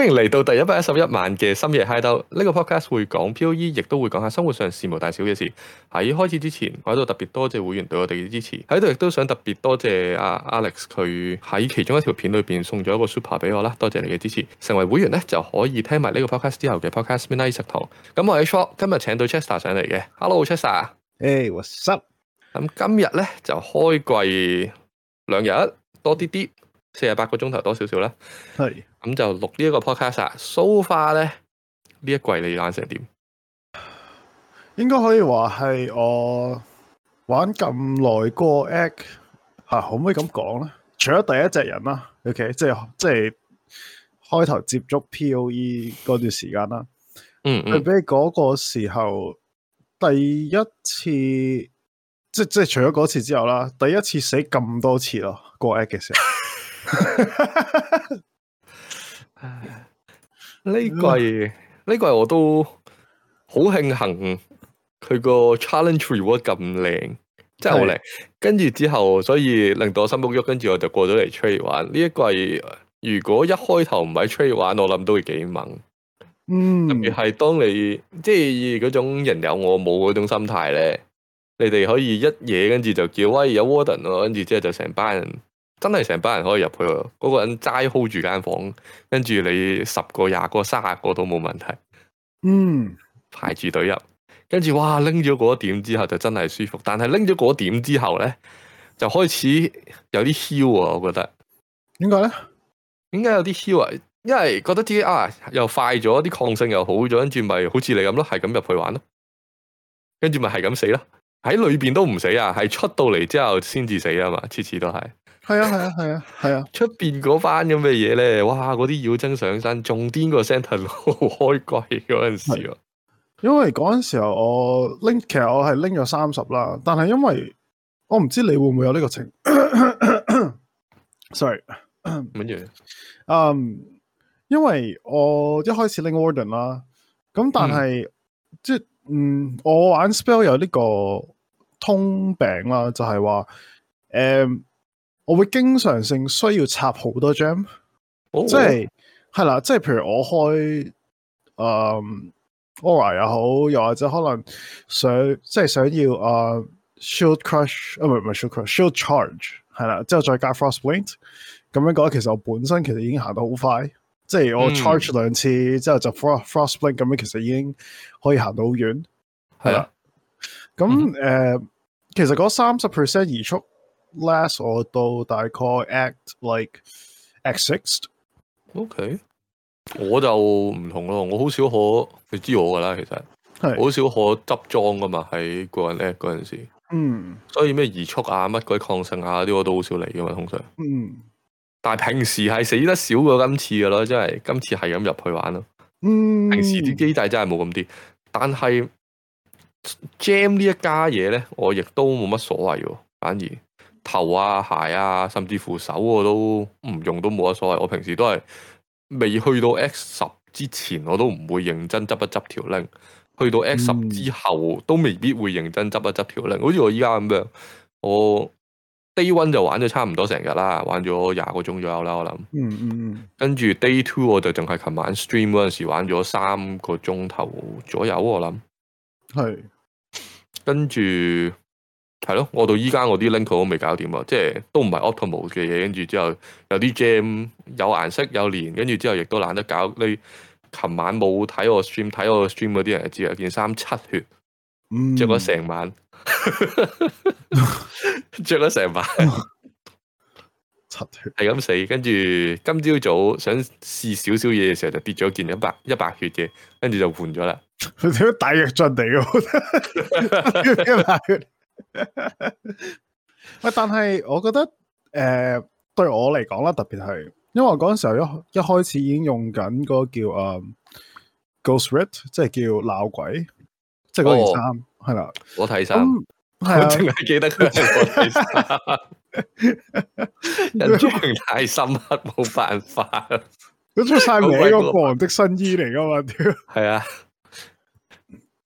歡迎嚟到第一百一十一萬嘅深夜嗨兜，呢、這個 podcast 會講、PoE 亦都會講下生活上事無大小嘅事。喺開始之前，我喺度特別多謝會員對我哋嘅支持，喺度亦都想特別多謝阿、啊、Alex 佢喺其中一條片裏邊送咗一個 Super 俾我啦，多謝你嘅支持。成為會員咧就可以聽埋呢個 podcast 之後嘅 podcast Midnight 食堂。咁我喺 shop 今日請到 Chester 上嚟嘅，Hello Chester，誒，What’s up？咁今日咧就開季兩日多啲啲。四十八個鐘頭多少少啦？係咁是就錄、so、呢一個 podcast So far 咧，呢一季你懶成點？應該可以話係我玩咁耐過 Act 吓，可唔可以咁講咧？除咗第一隻人啦，OK，即係即係開頭接觸 POE 嗰段時間啦。嗯，嗯，佢俾你嗰個時候第一次，即即係除咗嗰次之後啦，第一次死咁多次咯，過 Act 嘅時候。 哈呢 季呢、嗯、季我都好慶幸佢個 challenge 如果咁靚，真係好靚。跟住之後，所以令到我心卜喐，跟住我就過咗嚟 t r a d 玩。呢一季如果一開頭唔喺 t r a d 玩，我諗都會幾猛。嗯，特別係當你即係嗰種人有我冇嗰種心態咧，你哋可以一嘢跟住就叫喂、哎、有 w a r d e n g 跟住之後就成班人。真係成班人可以入去喎。嗰、那個人齋 hold 住間房，跟住你十個、廿個、卅個都冇問題。嗯，排住隊入，跟住哇拎咗嗰點之後就真係舒服。但係拎咗嗰點之後呢，就開始有啲囂啊！我覺得，點解呢？點解有啲囂啊？因為覺得自己啊又快咗，啲抗性又好咗，跟住咪好似你咁咯，係咁入去玩咯，跟住咪係咁死咯。喺裏邊都唔死啊，係出到嚟之後先至死啊嘛，次次都係。係啊係啊係啊係啊！出邊嗰班咁嘅嘢咧，哇！嗰啲妖精上身，仲癲過 Sentinel 開季嗰陣時咯。因為嗰陣時候我拎，其實我係拎咗三十啦。但係因為我唔知你會唔會有呢個情 ，sorry。乜嘢？嗯 ，um, 因為我一開始拎 order 啦，咁但係、嗯、即係，嗯，我玩 spell 有呢個通病啦，就係、是、話，誒、嗯。我會經常性需要插好多 gem、oh、即係係啦，即係譬如我開誒、um, aura 又好，又或者可能想即係想要誒、uh, shield crush 啊，唔係唔係 shield crush，shield charge 係啦，之後再加 frost blink，咁樣覺得其實我本身其實已經行得好快，mm. 即係我 charge 兩次之後就 frost blink 咁樣，其實已經可以行到好遠，係啦。咁誒，其實嗰三十 percent 移速。last 我都大概 act like act six，ok、okay? 我就唔同咯，我好少可你知我噶啦，其實係好是少可執裝噶嘛，喺個人叻嗰陣時，嗯，所以咩移速啊，乜鬼抗性啊啲我都好少嚟噶嘛，通常，嗯，但係平時係死得少過今次噶咯，即係今次係咁入去玩咯，嗯，平時啲機制真係冇咁啲，但係 jam 呢一家嘢咧，我亦都冇乜所謂，反而。頭啊、鞋啊，甚至扶手我都唔用，都冇乜所謂。我平時都係未去到 X 十之前，我都唔會認真執一執條令。去到 X 十之後，嗯、都未必會認真執一執條令。好似我依家咁樣，我 Day one 就玩咗差唔多成日啦，玩咗廿個鐘左右啦，我諗、嗯。嗯嗯嗯。跟住 Day two 我就淨係琴晚 stream 嗰陣時玩咗三個鐘頭左右，我諗。係是。跟住。係咯，我到依家我啲 link 都未搞掂啊，即係都唔係 optimal 嘅嘢，跟住之後有啲 gem 有顏色有鏈，跟住之後亦都懶得搞。你琴晚冇睇我 stream，睇我 stream 嗰啲人就知啊，有件衫七血，着咗成晚，着咗成晚， 七血係咁死。跟住今朝早，早想試少少嘢嘅時候，就跌咗件一百一百血嘅，跟住就換咗啦。佢點解大躍進嚟嘅？一百血。喂， 但係我覺得誒、呃，對我嚟講啦，特別係，因為我嗰陣時候一一開始已經用緊嗰叫誒、啊、Ghost r i d 即係叫鬧鬼，即係嗰件衫係啦，哦、吧我睇衫，係那啊，我淨係記得佢，印象 太深刻，冇辦法了，你出晒我一個國王的新衣嚟噶嘛，屌，係 啊。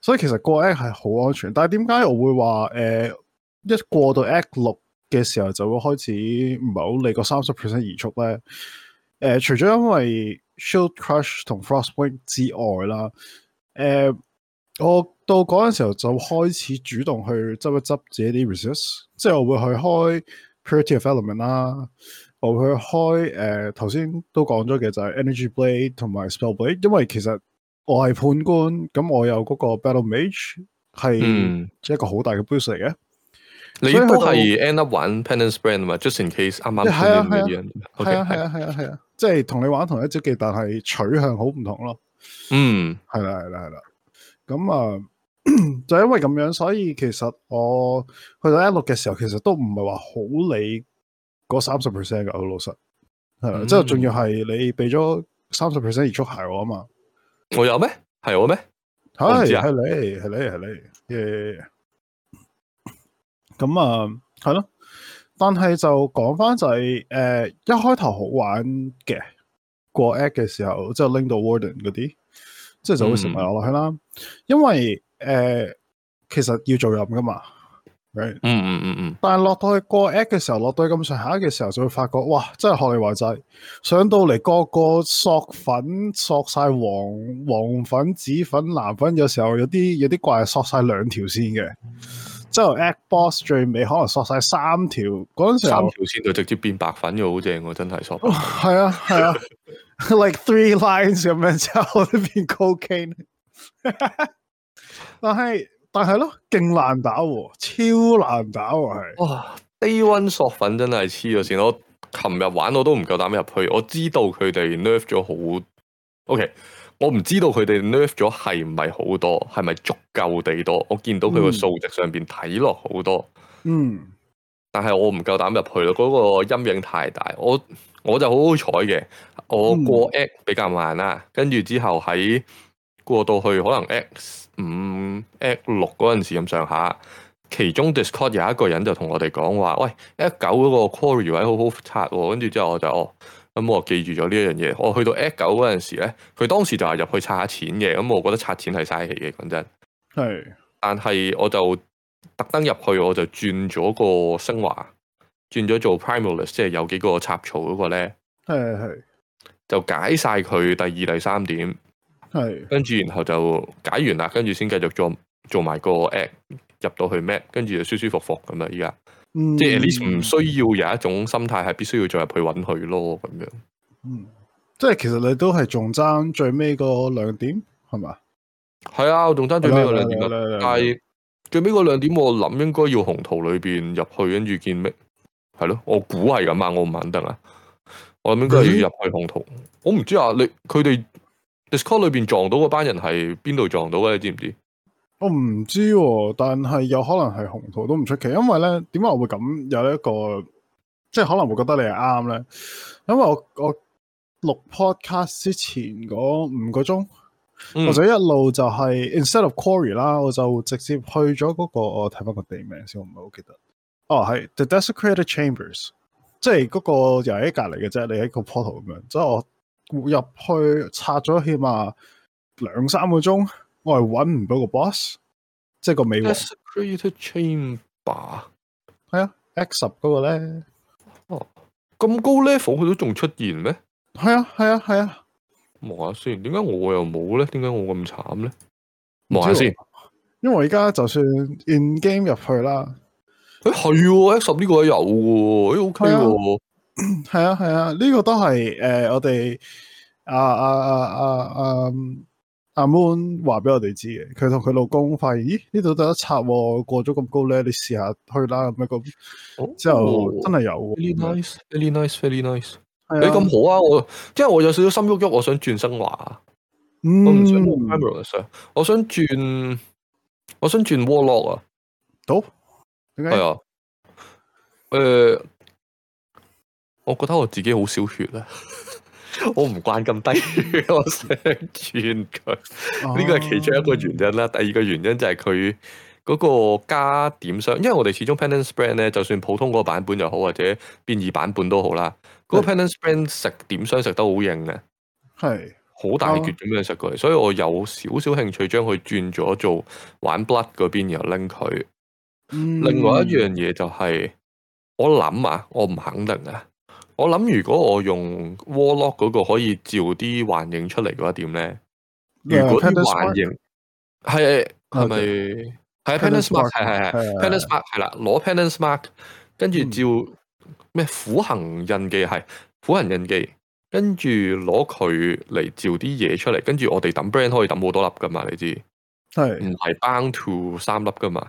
所以其實過 Act 係好安全，但係點解我會話誒、呃，一過到 Act 六嘅時候就會開始唔係好利個三十 percent 移速咧？誒、呃，除咗因為 Shield Crush 同 Frost point 之外啦，誒、呃，我到嗰陣時候就開始主動去執一執自己啲 resist 即係我會去開 Purity of Element 啦，我會去開誒頭先都講咗嘅就係 Energy Blade 同埋 Spell Blade，因為其實。我係判官，咁我有嗰個 Battle Mage 係，即係一個好大嘅 boost 嚟嘅。嗯、你都係 end up 玩 Penance Brand 同埋 Just in Case 啱啱，係啊係啊係啊係啊，即係同你玩同一隻技，但係取向好唔同咯。嗯，係啦係啦係啦，咁啊，啊，啊，啊， 就因為咁樣，所以其實我去到一六嘅時候，其實都唔係話好理嗰三十 percent 嘅老老實，係啦、啊，即係仲要係你俾咗三十 percent 而出鞋我啊嘛。我有咩？係我咩？係係是、啊、你係你係你耶！咁啊，係、yeah. 咯、嗯嗯。但係就講翻就係、是、誒、呃，一開頭好玩嘅過 act 嘅時候，即係拎到 warden 嗰啲，即係就會成日玩落去啦。嗯、因為誒、呃，其實要做任噶嘛。Right. 嗯嗯嗯嗯，但係落到去過 X 嘅時候，落到去咁上下嘅時候，就會發覺哇，真係學你話齋，上到嚟個個索粉索晒黃黃粉紫粉藍粉，有時候有啲有啲怪索晒兩條線嘅，之後 X box 最尾可能索晒三條，嗰陣時候三條線就直接變白粉嘅，好正我、啊、真係索粉，係 啊係啊，like three lines 咁樣之後變 cocaine， 但係。但係咯，勁難打，超難打係、啊。哇，Day One 索粉真係黐咗線，我琴日玩我都唔夠膽入去。我知道佢哋 nerf 咗好，OK，我唔知道佢哋 nerf 咗係唔係好多，係咪足夠地多？我見到佢個數值上邊睇落好多，嗯、mm.，但係我唔夠膽入去咯，嗰個陰影太大。我我就好好彩嘅，我過 X 比較慢啦、啊，跟住之後喺過到去可能 X。五 Act 六嗰陣時咁上下，其中 Discord 有一個人就同我哋講話，喂，Act 九嗰個 quarry 位好好刷、哦，跟住之後我就哦，咁、嗯、我記住咗呢一樣嘢。我、哦、去到 Act 九嗰陣時咧，佢當時就係入去刷下錢嘅，咁、嗯、我覺得刷錢係嘥氣嘅，講真。係，但係我就特登入去，我就轉咗個升華，轉咗做 Primalist，即係有幾個插槽嗰、那個咧。係係、嗯。嗯嗯、就解晒佢第二第三點。係，是跟住然後就解完啦，跟住先繼續做做埋個 app 入到去 map 跟住就舒舒服服咁啊！依家、嗯、即係至少唔需要有一種心態係必須要再入去揾佢咯，咁樣。嗯，即係其實你都係仲爭最尾個亮點，係嘛？係啊，我仲爭最尾個亮點啦，來來來來來但係最尾個亮點我諗應該要紅圖裏邊入去，跟住見咩？係咯，我估係噶，啊。我唔肯定啊。我諗應該要入去紅圖，是我唔知啊。你佢哋。Discord 裏邊撞到嗰班人係邊度撞到嘅？你知唔知？我唔知道、啊，但係有可能係紅圖都唔出奇，因為咧點解我會咁有一個，即係可能會覺得你係啱咧，因為我我錄 podcast 之前嗰五個鐘，嗯、我就一路就係、是、instead of Quarry 啦，我就直接去咗嗰、那個我睇翻個地名先，我唔係好記得。哦、啊，係 The Desecrated Chambers，即係嗰個又喺隔籬嘅啫，你喺個 portal 咁樣，即係我。入去拆咗起碼兩三個鐘，我係搵唔到個 boss，即係個美皇。c r e 係啊，X 十嗰個咧，哦，咁高 level 佢都仲出現咩？係啊，係啊，係啊，望下先，點解我又冇咧？點解我咁慘咧？望下先，因為我而家就算 in game 入去啦，誒係喎，X 十呢個有喎，誒、欸、OK 喎。係啊係啊，呢、啊這個都係誒、呃，我哋阿阿阿阿阿 Moon 話俾我哋知嘅，佢同佢老公發現咦呢度得一拆過咗咁高咧，你試下去啦咁樣咁，之、哦哦、後真係有 v nice，nice，very nice，, very nice, very nice.、啊、你咁好啊，我即係我有少少心喐喐，我想轉升華，嗯、我唔想 gemeral，我想轉我想轉 Warlock 啊，都係、okay? 啊，誒、呃。我覺得我自己好少血啊！我唔慣咁低血，我想轉佢。呢個係其中一個原因啦。第二個原因就係佢嗰個加點傷，因為我哋始終 Penance Brand 咧，就算普通嗰個版本又好，或者變異版本都好啦，嗰、那個 Penance Brand 食點傷食得好硬嘅，係好大決咁樣食過嚟。所以我有少少興趣將佢轉咗做玩 blood 嗰邊，然後拎佢。另外一樣嘢就係、是、我諗啊，我唔肯定啊。我諗如果我用 Warlock 嗰個可以照啲幻影出嚟嘅話點咧？如果幻影係係咪係 Penance Mark 係係係 Penance Mark 係啦，攞 Penance Mark 跟住照咩苦、嗯、行印記係苦行印記，跟住攞佢嚟照啲嘢出嚟，跟住我哋抌 brand 可以抌好多粒噶嘛？你知係唔係 bound to 三粒噶嘛？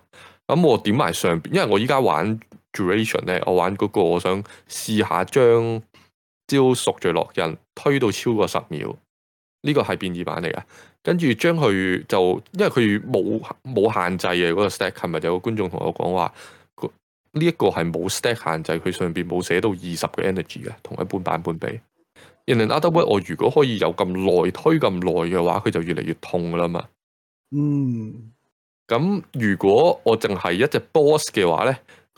咁我點埋上邊，因為我依家玩。duration 咧，我玩嗰個我想試下將招贖罪烙印推到超過十秒，呢個係變異版嚟噶。跟住將佢就因為佢冇冇限制嘅嗰個 stack，琴日有個觀眾同我講話，呢一個係冇 stack 限制，佢上邊冇寫到二十個 energy 嘅，同一般版本比。In another way，我如果可以有咁耐推咁耐嘅話，佢就越嚟越痛噶啦嘛。嗯，咁如果我淨係一隻 boss 嘅話咧？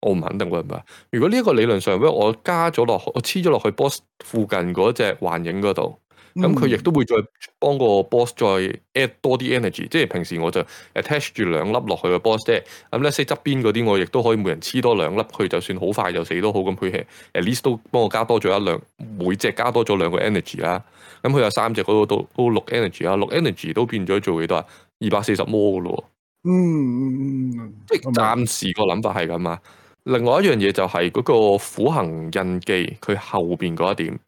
我唔肯定喎，唔係。如果呢一個理論上，如我加咗落，我黐咗落去 boss 附近嗰隻幻影嗰度，咁佢亦都會再幫個 boss 再 add 多啲 energy、嗯。即係平時我就 attach 住兩粒落去個 boss 啫。咁 let’s 側邊嗰啲，我亦都可以每人黐多兩粒，佢就算好快就死都好咁。佢係 at least 都幫我加多咗一兩，每隻加多咗兩個 energy 啦。咁佢有三隻，嗰個都都六 energy 啦，六 energy 都變咗做幾多啊？二百四十摩噶咯。嗯嗯嗯即係暫時個諗法係咁啊。另外一樣嘢就係嗰個苦行印記，佢後面嗰一點，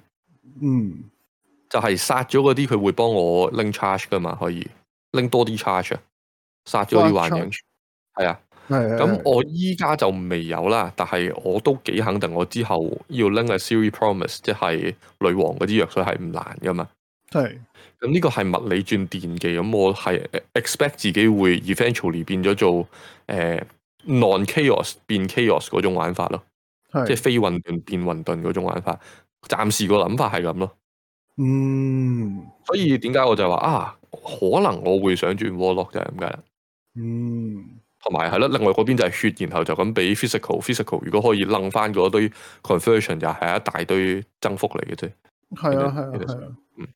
嗯，就係殺咗嗰啲佢會幫我拎 charge 噶嘛，可以拎多啲 charge，殺咗啲幻影，係啊，咁、嗯、我依家就未有啦，但係我都幾肯定，我之後要拎個 Atziri's Promise，即係女王嗰啲藥水係唔難噶嘛，係對，咁呢個係物理轉電技，咁、嗯、我係 expect 自己會 eventually 變咗做、呃 non chaos 變 chaos 嗰種玩法咯，是即係非混沌變混沌嗰種玩法。暫時個諗法係咁咯。嗯，所以點解我就話啊，可能我會想轉 warlock 就係咁解啦。嗯，同埋係咯，另外嗰邊就係血，然後就咁俾 ph、mm. physical physical。如果可以掹翻嗰堆 conversion 又係一大堆增幅嚟嘅啫。係啊，係啊，係啊。嗯，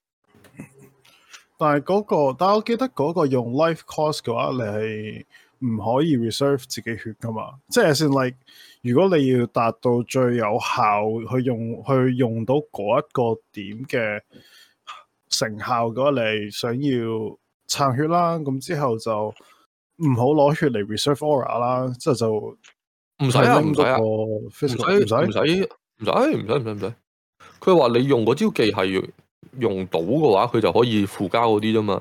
但係嗰、那個，但我記得嗰個用 life cost 嘅話，你係。唔可以 reserve 自己血噶嘛，即係先 like 如果你要達到最有效去用去用到嗰一個點嘅成效嘅話，想要殘血啦，咁之後就唔好攞血嚟 reserve aura 啦，之後就唔使啊，唔使啊，唔使唔使唔使唔使唔使唔使，佢話你用嗰招技係用到嘅話，佢就可以附加嗰啲啫嘛。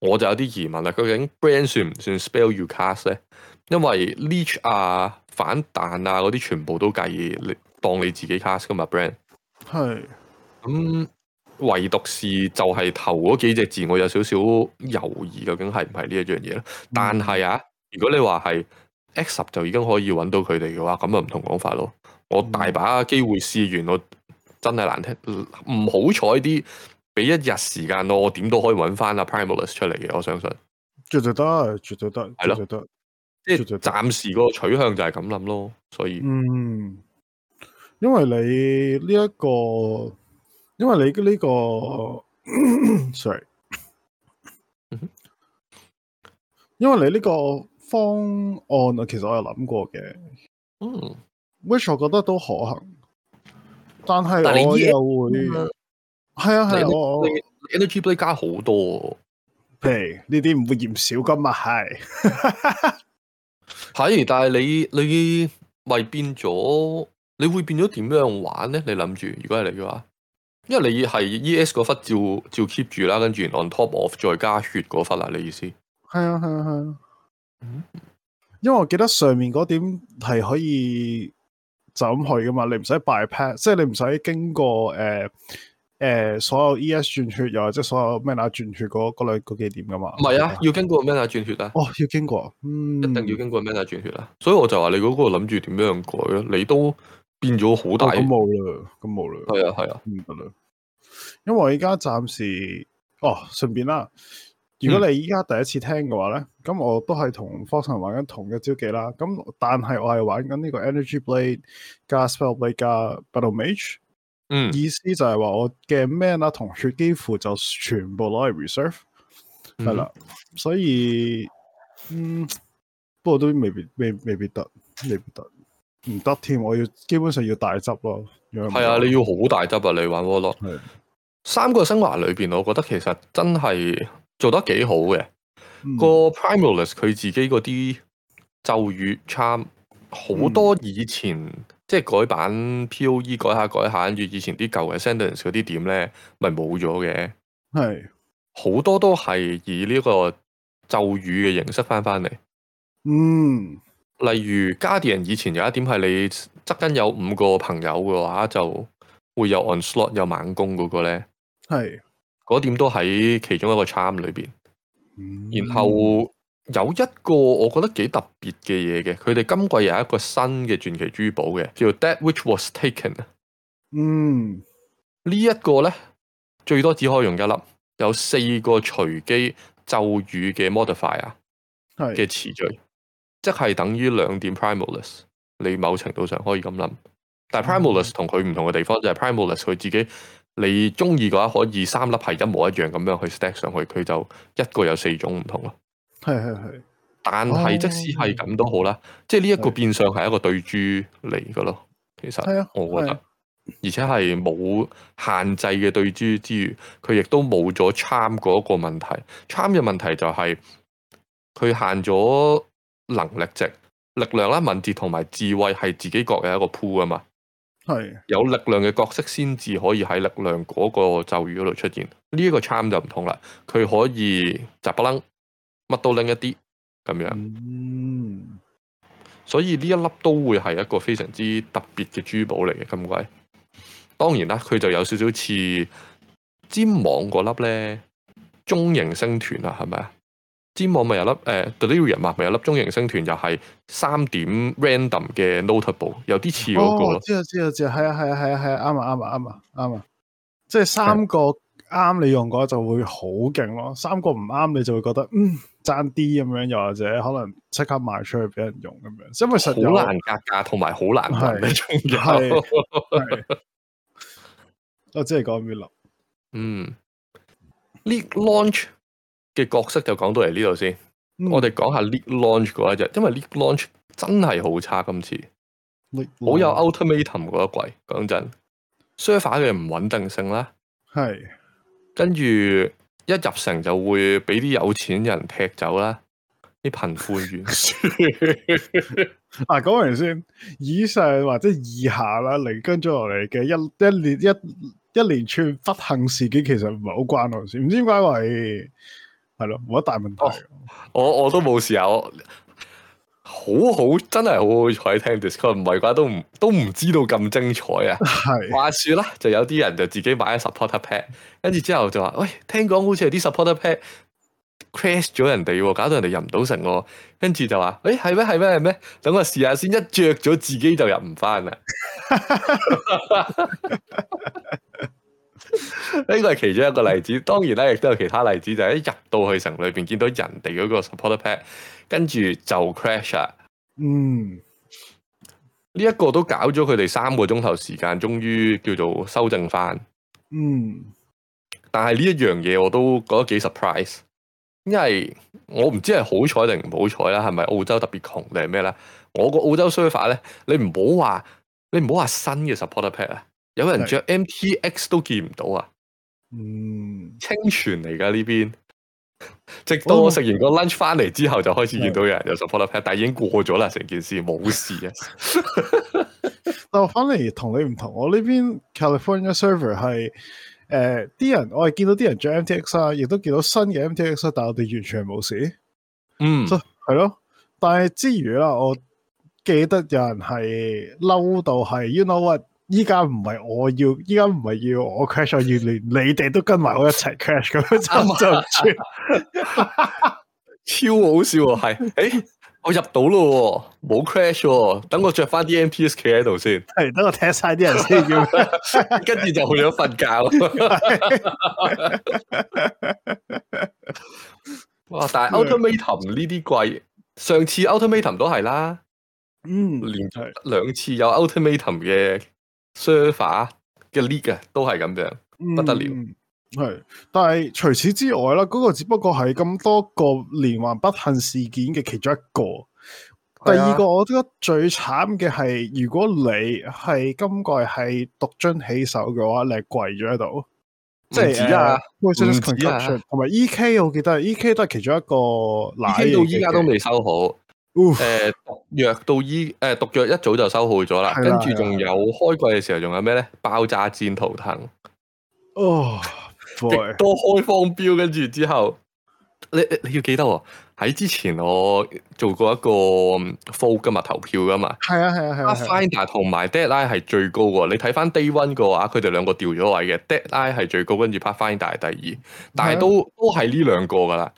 我就有啲疑問啦，究竟 brand 算唔算 spell you cast 咧？因為 leech 啊、反彈啊嗰啲全部都介意你當你自己 cast 噶嘛 brand。係是，咁、嗯、唯獨是就係頭嗰幾隻字，我有少少猶豫，究竟係唔係呢一樣嘢咧？但係啊，如果你話係 x 十就已經可以揾到佢哋嘅話，咁啊唔同講法咯。我大把機會試完，我真係難聽，唔好彩啲。俾一日時間咯我，我點都可以揾翻阿 Primeless 出嚟嘅，我相信絕對得，絕對得，係咯，即係暫時個取向就係咁諗咯，所以嗯，因為你呢、這、一個，因為你呢、這個、哦、 ，sorry， 因為你呢個方案啊，其實我有諗過嘅，嗯 which 我覺得都可行，但係我又會。嗯係啊，係啊，你 energy play 加好多，誒，呢啲唔會嫌少噶嘛？係，係， 但係你你咪變咗，你會變咗點樣玩咧？你諗住，如果係你嘅話，因為你係 E.S 嗰忽照照 keep 住啦，跟住 on top of 再加血嗰忽啦，你意思？係啊，係啊，係啊，嗯，因為我記得上面嗰點係可以就咁去噶嘛，你唔使 bypass，即係你唔使經過誒。呃誒、呃，所有 E.S 轉血又係即係所有 mana 轉血嗰嗰類嗰幾點噶嘛？唔係啊，啊要經過 mana 轉血啊？哦，要經過、啊，嗯，一定要經過 mana 轉血啊？所以我就話你嗰個諗住點樣改啊？你都變咗好大，都冇啦，咁冇啦，係啊係啊，唔得啦，嗯啊、因為而家暫時哦，順便啦，如果你依家第一次聽嘅話咧，咁、嗯、我都係同科神玩緊同一招技啦，咁但係我係玩緊呢個 Energy Blade、Spell Blade 加 Battle Mage。嗯，意思就係話我嘅 mana，同血幾乎就全部攞嚟 reserve 係啦，嗯，所以嗯，不過都未必，未必未必得，未必得，唔得添。我要基本上要大執咯，係啊，你要好大執啊！你玩 Warlock 三個升華裏邊，我覺得其實真係做得幾好嘅。個、嗯、Primalist 佢自己嗰啲咒語 charm 好多以前、嗯。即係改版 P.O.E 改下改下，跟住以前啲舊嘅 Ascendancy 嗰啲點咧，咪冇咗嘅。係好是的 多都係以呢個咒語嘅形式翻翻嚟。嗯，例如 Guardian 以前有一點係你側跟有五個朋友嘅話，就會有 Onslaught 有猛攻嗰個咧。係嗰是的 點都喺其中一個 charm 裏邊。然後。有一個我覺得幾特別嘅嘢嘅，佢哋今季又有一個新嘅傳奇珠寶嘅，叫 That Which Was Taken。嗯，呢一個呢，最多只可以用一粒，有四個隨機咒語嘅 modifier 嘅詞序，是即係等於兩點 primolus。你某程度上可以咁諗，但係 primolus 同佢唔同嘅地方、嗯、就係 primolus 佢自己，你中意嘅話可以三粒係一模一樣咁樣去 stack 上去，佢就一個有四種唔同咯。係係係，但係即使係咁都好啦，嗯、即係呢一個變相係一個對珠嚟噶咯。的其實我覺得，是的是的而且係冇限制嘅對珠之餘，佢亦都冇咗參嗰個問題。參嘅問題就係、是、佢限咗能力值、力量啦、敏捷同埋智慧係自己各有一個 pool 啊嘛。係的有力量嘅角色先至可以喺力量嗰個咒語嗰度出現。呢、這、一個參就唔同啦，佢可以就不楞。乜都拎一啲咁樣，嗯、所以呢一粒都會係一個非常之特別嘅珠寶嚟嘅咁貴。當然啦，佢就有少少似尖網嗰粒咧，中型星團啦，係咪啊？尖網咪有粒誒、欸、Delirium 咪有粒中型星團，又係三點 random 嘅 notable，有啲似嗰個咯、哦。知啊知啊知啊，係啊係啊係啊係啊，啱啊啱啊啱啊啱啊，啊，啊，啊，啊，啊，即係三個啱你用嘅話就會好勁咯，的三個唔啱你就會覺得嗯。爭啲咁樣，又或者可能即刻賣出去俾人用咁樣，因為實好難格價，同埋好難揾你重要。我只係講 V 六，嗯，League Launch 嘅角色就講到嚟呢度先。嗯、我哋講下 League Launch 嗰一隻，因為 League Launch 真係好差今次，冇有 Ultimatum 嗰一季。講真 server 嘅唔穩定性啦，係是跟住。一入城就會俾啲有錢人踢走啦，啲貧富懸殊， 啊！講完先，以上或者以下啦，嚟跟咗落嚟嘅一一連一一連串不幸事件，其實唔係好關我事，唔知點解話係係咯，冇乜大問題，啊哦。我我都冇事啊，我。好好真係好好彩聽 Discord，唔係嘅話都唔都唔知道咁精彩啊！是話說啦，就有啲人就自己買咗 supporter pack，跟住之後就話：喂、欸，聽講好似係啲 supporter pack crash 咗人哋，搞到人哋入唔到城喎。跟住就話：誒、欸，係咩？係咩？係咩？等我試下先，一着咗自己就入唔翻啦。呢個係其中一個例子，當然啦，亦都有其他例子，就係、是、一入到去城裏邊，見到人哋嗰個 supporter pack。跟住就 crash 啊，嗯，呢一個都搞咗佢哋三個鐘頭時間，終於叫做修正翻。嗯，但係呢一樣嘢我都覺得幾 surprise，因為我唔知係好彩定唔好彩啦，係咪澳洲特別窮定係咩咧？我個澳洲 server 咧，你唔好話你唔好話新嘅 supporter pack 啊，有人着 MTX 都見唔到啊。嗯，清泉嚟㗎呢邊。直到我食完個 lunch 翻嚟之後，就開始見到有人有 support，的但係已經過咗啦，成件事冇 事 但我翻嚟同你唔同，我呢邊 California server 係誒，啲、呃、人我係見到啲人着 MTX 啊，亦都見到新嘅 MTX 但係我哋完全冇事。嗯，係咯。但係之餘啦，我記得有人係嬲到係，you know what？依家唔係我要，依家唔係要我 crash，要連你哋都跟埋我一齊 crash 咁樣就唔得，超好笑係，誒，我入到咯，冇 crash，等我着翻啲 MPS 企喺度先，係等我踢晒啲人先， 跟住就去咗瞓覺 哇！但係 Ultimatum 呢啲貴，上次 Ultimatum 都係啦，嗯，連續兩次有 Ultimatum 嘅。server 嘅 lead 啊，都係咁樣，不得了、嗯。係，但係除此之外啦，嗰、那個只不過係咁多個連環不幸事件嘅其中一個。第二個我覺得最慘嘅係，是啊、如果你係今季係獨尊起手嘅話，你係跪咗喺度。唔止啊，啊，唔同埋 E K，我記得 E K 都係其中一個嗱，E K 到依家都未收好。誒、呃，毒藥到依誒，毒藥一早就收好咗啦。啊、跟住仲有開季嘅時候，仲有咩咧？爆炸戰圖騰哦， 多開方標，跟住之後，你你要記得喎、哦。喺之前我做過一個 f o l e 今日投票噶嘛。係啊係啊係啊。啊啊啊、Pathfinder 同埋 Deadline 係最高噶。你睇翻 Day One 嘅話，佢哋兩個調咗位嘅 Deadline 係最高，跟住 Pathfinder 係第二，但係都是、啊、都係呢兩個噶啦。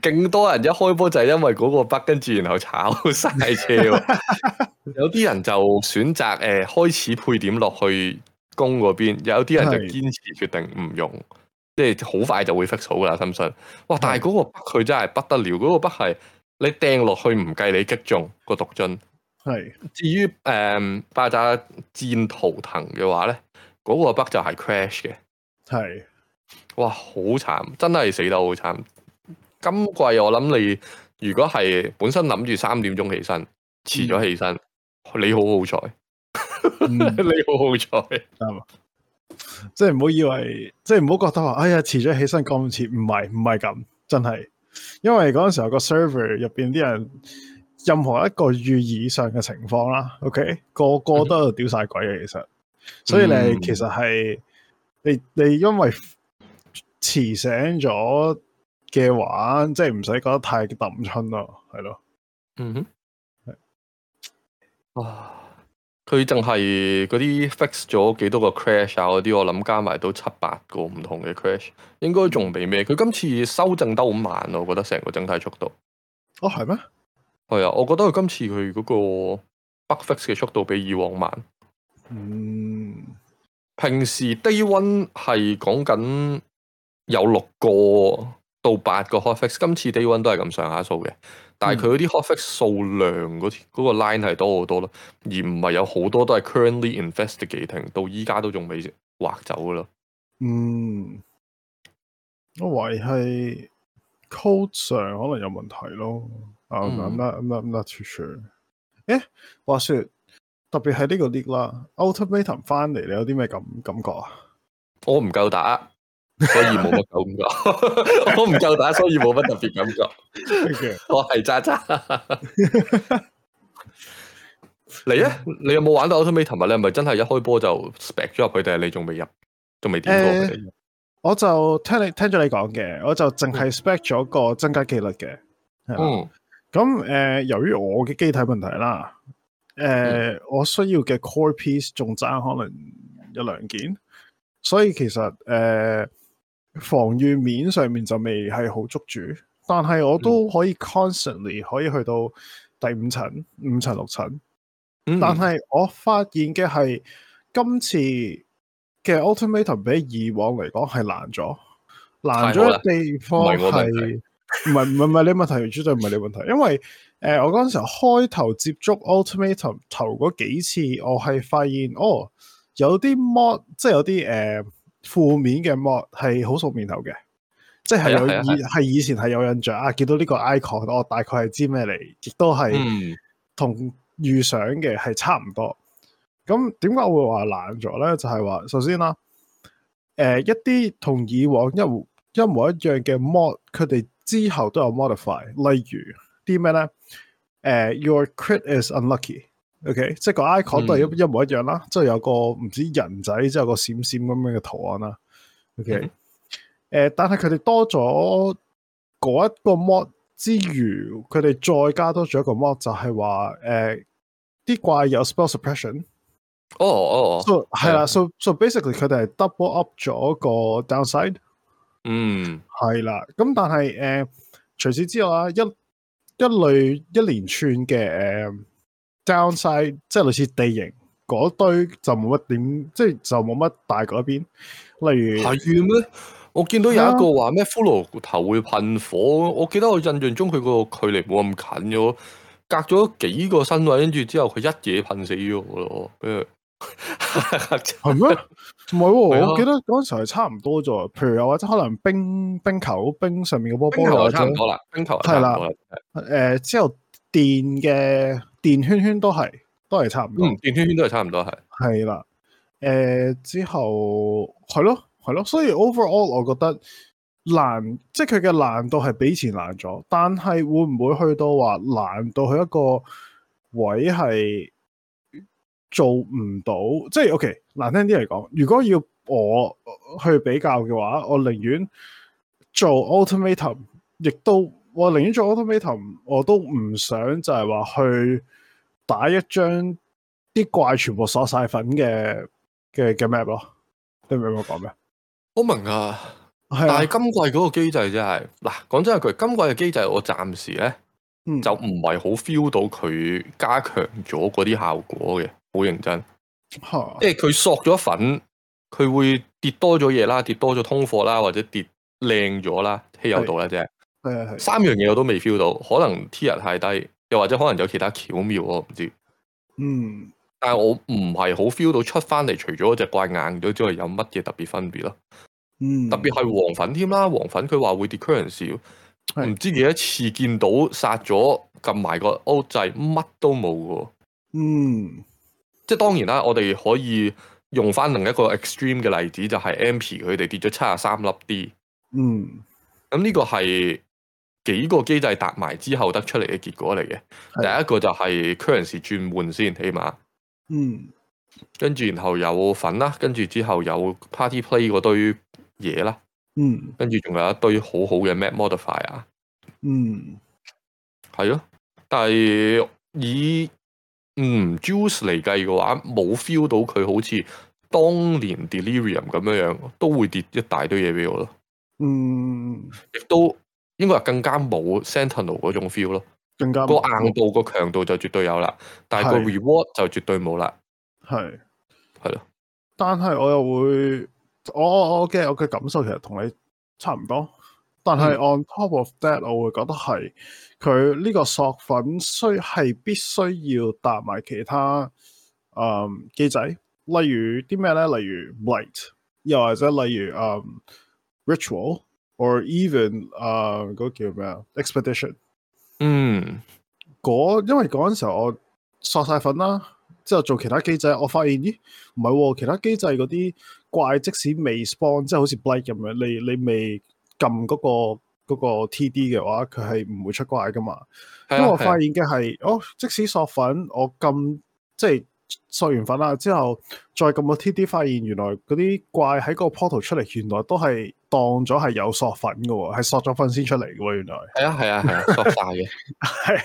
勁多人一開波就係因為嗰個筆跟住然後炒晒車， 有啲人就選擇誒、呃、開始配點落去攻嗰邊，有啲人就堅持決定唔用，是即係好快就會甩草噶啦，深信？哇！但係嗰個筆佢真係不得了，嗰、嗰個筆係你掟落去唔計你擊中、個毒樽，係是。至於誒爆炸戰圖騰嘅話咧，嗰、嗰個筆就係 crash 嘅，係是。哇，好慘，真係死得好慘。今季我諗你，如果係本身諗住三點鐘起身，遲咗起身，嗯、你好好彩，嗯、 你好好彩，即係唔好以為，即係唔好覺得話，哎呀，遲咗起身咁遲，唔係唔係咁，真係，因為嗰陣時候個 server 入邊啲人，任何一個寓意上嘅情況啦，OK，個個都喺屌晒鬼嘅、嗯、其實，所以你其實係，嗯、你你因為遲醒咗。嘅話，即係唔使覺得太揼親咯，係咯，嗯哼，係是，哇、啊，佢淨係嗰啲 fix 咗幾多個 crash 啊，嗰啲我諗加埋都七八個唔同嘅 crash，應該仲未咩？佢今次修正得好慢咯、啊，我覺得成個整體速度，哦係咩？係啊，我覺得佢今次佢嗰個 bug fix 嘅速度比以往慢，嗯，平時 day one 係講緊有六個。到八個 hotfix，今次低 a 都係咁上下數嘅，但係佢嗰啲 hotfix 數量嗰個 line 係多好多咯，而唔係有好多都係 currently investigating，到依家都仲未畫走噶咯。嗯，我懷係 code 上可能有問題咯。啊咁啦咁啦咁啦，處處、sure. 欸。話説特別係呢個 lift 啦，automation 翻嚟，你有啲咩感感覺啊？我唔夠打。 所以冇乜感覺， 我唔夠打，所以冇乜特別感覺。 我係渣渣。你咧，你有冇玩到 Ultimate？日、um? 你係咪真係一開波就 spec 咗入去，定係你仲未入，仲未點過佢哋、呃？我就聽你聽咗你講嘅，我就淨係 spec 咗個增加機率嘅。嗯。咁誒、呃，由於我嘅機體問題啦，誒、呃，嗯、我需要嘅 core piece 仲爭可能一兩件，所以其實誒。呃防御面上面就未係好捉住，但係我都可以 constantly 可以去到第五層、五層六層。嗯、但係我發現嘅係，今次嘅 Ultimatum、um、比以往嚟講係難咗，難咗嘅地方係，唔係唔係唔係你問題，絕對唔係你問題。因為誒、呃，我嗰陣時開頭接觸 Ultimatum 頭、um, 嗰幾次，我係發現哦，有啲 mod 即係有啲誒。呃負面嘅 mod 係好熟面頭嘅，即係有以係是以前係有印象是是啊，見到呢個 icon，我大概係知咩嚟，亦都係同預想嘅係差唔多。咁點解我會話難咗咧？就係、是、話首先啦，誒、呃、一啲同以往一模一模一樣嘅 mod，佢哋之後都有 modify，例如啲咩咧？誒、呃、，your crit is unlucky。O.K.，即係個 icon 都係一一模一樣啦，即係、嗯、有個唔知人仔，即、就、係、是、個閃閃咁樣嘅圖案啦。O.K.，誒、嗯哼呃，但係佢哋多咗嗰一個 mod 之餘，佢哋再加多咗一個 mod，就係話誒啲怪有 Spell Suppression。哦哦，哦，以係啦，So 所以 yeah,、so, so、basically 佢哋係 double up 咗個 downside。嗯，係啦。咁但係誒，除、呃、此之外啊，一一類一連串嘅誒。呃 down 晒，即係類似地形嗰堆就冇乜點，即係就冇乜大改變。例如係遠咧，我見到有一個話咩骷髏頭會噴火，對啊，我記得我印象中佢個距離冇咁近咗，隔咗幾個身位，跟住之後佢一嘢噴死咗我咯。係咩？唔係，我記得嗰陣時係差唔多咋。譬如又或者可能冰冰球、冰上面嘅波波球就差唔多啦。冰球係啦，誒之後電嘅。電圈圈都係都係差唔多，嗯，電圈圈都係差唔多係。係啦，誒、呃、之後係咯係咯，所以 overall 我覺得難，即係佢嘅難度係比以前難咗，但係會唔會去到話難到佢一個位係做唔到？即、就、係、是、OK，難聽啲嚟講，如果要我去比較嘅話，我寧願做 Ultimatum 亦、um, 都。我寧願做 automaton 我都唔想就係話去打一張啲怪全部索晒粉嘅嘅嘅 map 咯。你明白我講咩？我明啊。啊但係今季嗰個機制、就是、真係嗱，講真佢，今季嘅機制我暫時咧，嗯、就唔係好 feel 到佢加強咗嗰啲效果嘅。好認真，哈即係佢索咗粉，佢會跌多咗嘢啦，跌多咗通貨啦，或者跌靚咗啦，稀有度啦即係。三樣嘢我都未 feel 到，可能 Tier 太低，又或者可能有其他巧妙，我唔知。嗯，但係我唔係好 feel 到出翻嚟，除咗隻怪硬咗之外，有乜嘢特別分別咯？嗯，特別係黃粉添啦，黃粉佢話會跌 decrease，唔知幾多次見到殺咗撳埋個 O 掣，乜都冇嘅。嗯，即係當然啦，我哋可以用翻另一個 extreme 嘅例子，就係、是、AMP 佢哋跌咗七十三粒 D。嗯，咁呢個係。幾個機制搭埋之後得出嚟嘅結果嚟嘅，第一個就係 currency 轉換先，起碼，嗯，跟住然後有粉啦，跟住之後有 Party Play 嗰堆嘢啦，嗯，跟住仲有一堆好好嘅 Map Modifier 啊，嗯，係咯，但係以唔 Juice 嚟計嘅話，冇 feel 到佢好似當年 Delirium 咁樣樣，都會跌一大堆嘢俾我咯，嗯，亦都。應該話更加冇 Sentinel 嗰種 feel 咯，更加硬度、個強度就絕對有啦，但係個 reward 就絕對冇啦。係係咯，的但係我又會，我我嘅我嘅感受其實同你差唔多，但係 on top of that，、嗯、我會覺得係佢呢個索粉需係必須要搭埋其他誒機仔，例如啲咩咧？例如 Blade 又或者例如誒 Ritual。嗯 Or even 嗰、uh, 個叫咩啊？Expedition 嗯，嗰因為嗰陣時候我索晒粉啦，之後做其他機制，我發現咦唔係、哦、其他機制嗰啲怪即使未 spawn，即係好似 Blight 咁樣，你你未撳嗰、個嗰、個 TD 嘅話，佢係唔會出怪㗎嘛。因為、啊、我發現嘅係，啊、哦，即使索粉，我撳即係。索完粉啦，之後再撳個 T D 發現，原來原來，原來嗰啲怪喺個 portal 出嚟，原來都係當咗係有索粉嘅， 係索咗粉先出嚟嘅，原來係啊係啊係啊索化嘅，係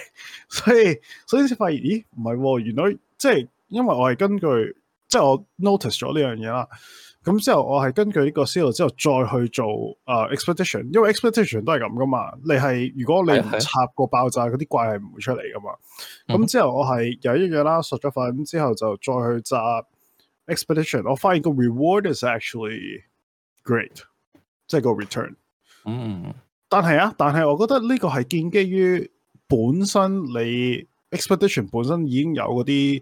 所以所以先發現，咦唔係、啊，原來即係因為我係根據即係我 notice 咗呢樣嘢啦。咁之後我係根據呢個 sale 之後再去做、uh, expedition，因為 expedition 都係咁噶嘛，你係如果你唔插個爆炸，嗰啲是是 怪係唔會出嚟噶嘛。咁、嗯、之後我係有一樣啦，索咗粉之後就再去炸 expedition，我發現個 reward is actually great，即係個 return。嗯，但係啊，但係我覺得呢個係建基於本身你 expedition 本身已經有嗰啲。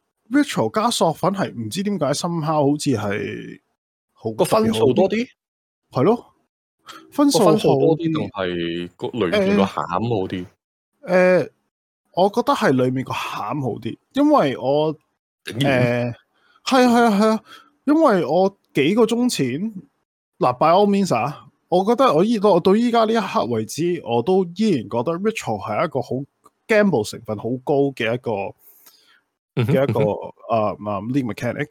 Ritual 加索粉係唔知點解深烤好似係好個分數多啲，係咯分數好啲定係個裏面個餡好啲、呃。誒、呃，我覺得係裏面個餡好啲，因為我誒係啊係啊係啊，因為我幾個鐘前嗱、啊、，by all means 我覺得我依個到依家呢一刻為止，我都依然覺得 Ritual 係一個好 gamble 成分好高嘅一個。嘅一個誒誒、 um, lead mechanic，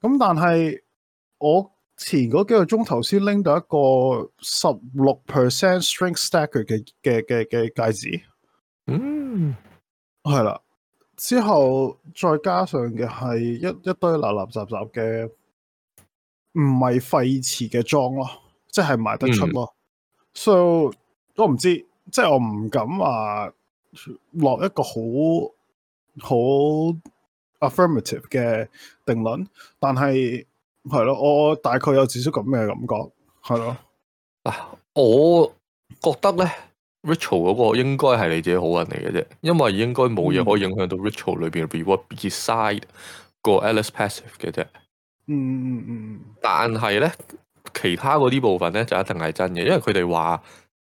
咁但係我前嗰幾個鐘頭先拎到一個十六 percent strength stack 嘅嘅嘅嘅戒指，嗯，係啦，之後再加上嘅係一一堆垃垃雜雜嘅唔係廢瓷嘅裝咯，即係賣得出咯 ，so 我唔知，即係我唔敢話、啊、落一個好。好 affirmative 嘅定論，但係係咯，我大概有少少咁嘅感覺，係咯。啊，我覺得咧，Ritual 嗰個應該係你自己好運嚟嘅啫，因為應該冇嘢可以影響到 Ritual 裏邊 reward beside 個 Alice passive 嘅啫。嗯嗯嗯嗯。但係咧，其他嗰啲部分咧就一定係真嘅，因為佢哋話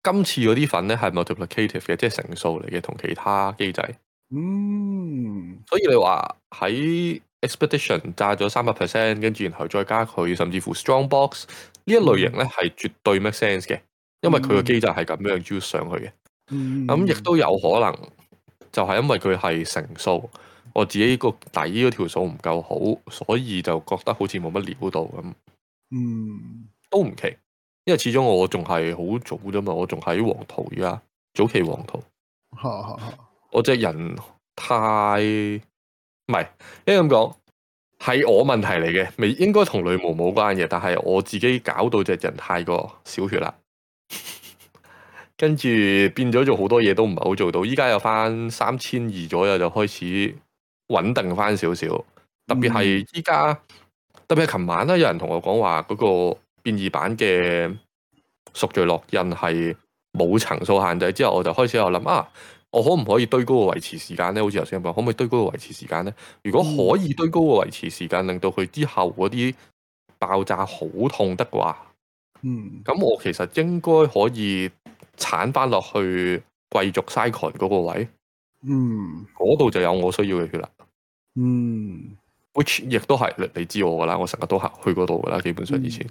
今次嗰啲粉咧係 multiplicative 嘅，即係成數嚟嘅，同其他機制。嗯，所以你話喺 expedition 炸咗三百 percent，跟住然後再加佢，甚至乎 strongbox 呢一類型咧係絕對 make sense 嘅，因為佢個機制係咁樣 use 上去嘅，嗯嗯。嗯，咁亦都有可能就係因為佢係乘數，我自己個底嗰條數唔夠好，所以就覺得好似冇乜料到咁。嗯，都唔奇，因為始終我仲係好早啫嘛，我仲喺黃圖而家早期黃圖。 我隻人太，唔係，應該咁講，係我的問題嚟嘅，未應該同女巫冇關嘅，但係我自己搞到隻人太過少血啦，跟 住變咗做好多嘢都唔係好做到，依家有翻三千二左右，就開始穩定翻少少，特別係依家，特別係琴晚啦，有人同我講話嗰個變異版嘅贖罪烙印係冇層數限制之後，我就開始有諗啊。我可唔可以堆高個維持時間咧？好似頭先咁講，可唔可以堆高個維持時間咧？如果可以堆高個維持時間，嗯、令到佢之後嗰啲爆炸好痛得啩？嗯，咁我其實應該可以鏟翻落去貴族 cycle 嗰個位。嗯，嗰度就有我需要嘅血量。嗯，which 亦都係你知我噶啦，我成日都行去嗰度噶啦，基本上以前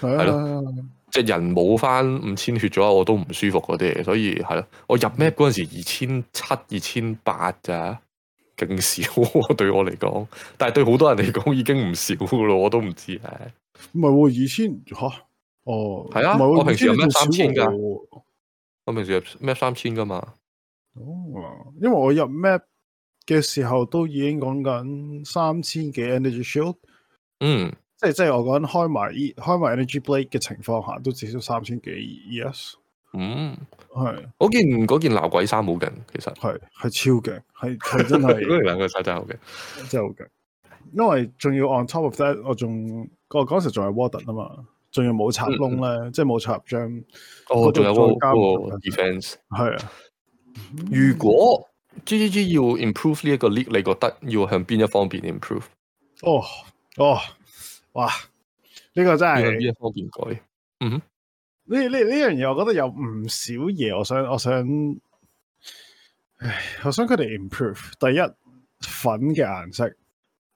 係咯。嗯了即係人冇翻五千血咗，我都唔舒服嗰啲，所以係咯。我入 map 嗰陣時，二千七、二千八咋，勁少喎！對我嚟講，但係對好多人嚟講，已經唔少噶咯。我都唔知啊。唔係喎，二千吓，哦，係的啊，我平時入 map 三千噶？我平時入 map 三千噶嘛？哦，因為我入 map 嘅時候都已經講緊三千幾 energy shield。嗯。即係即係我講開埋開埋 energy blade 嘅情況下，都至少三千幾 yes。嗯，係是。我嗰件鬧鬼衫好勁，其實係係超勁，係真係。嗰兩個衫真係好勁，真係好勁。因為仲要 on top of that，我仲我嗰時仲係 Warden 啊嘛，仲要冇插窿咧，嗯、即係冇插張。哦，仲有加 defense。係啊。如果 G G G 要 improve 呢一個 League 你覺得要向邊一方面 improve？哦哦。哇！呢、這個真係呢一方面改，嗯哼，呢呢呢樣嘢，我覺得有唔少嘢，我想我想，唉，我想佢哋 improve。第一粉嘅顏色，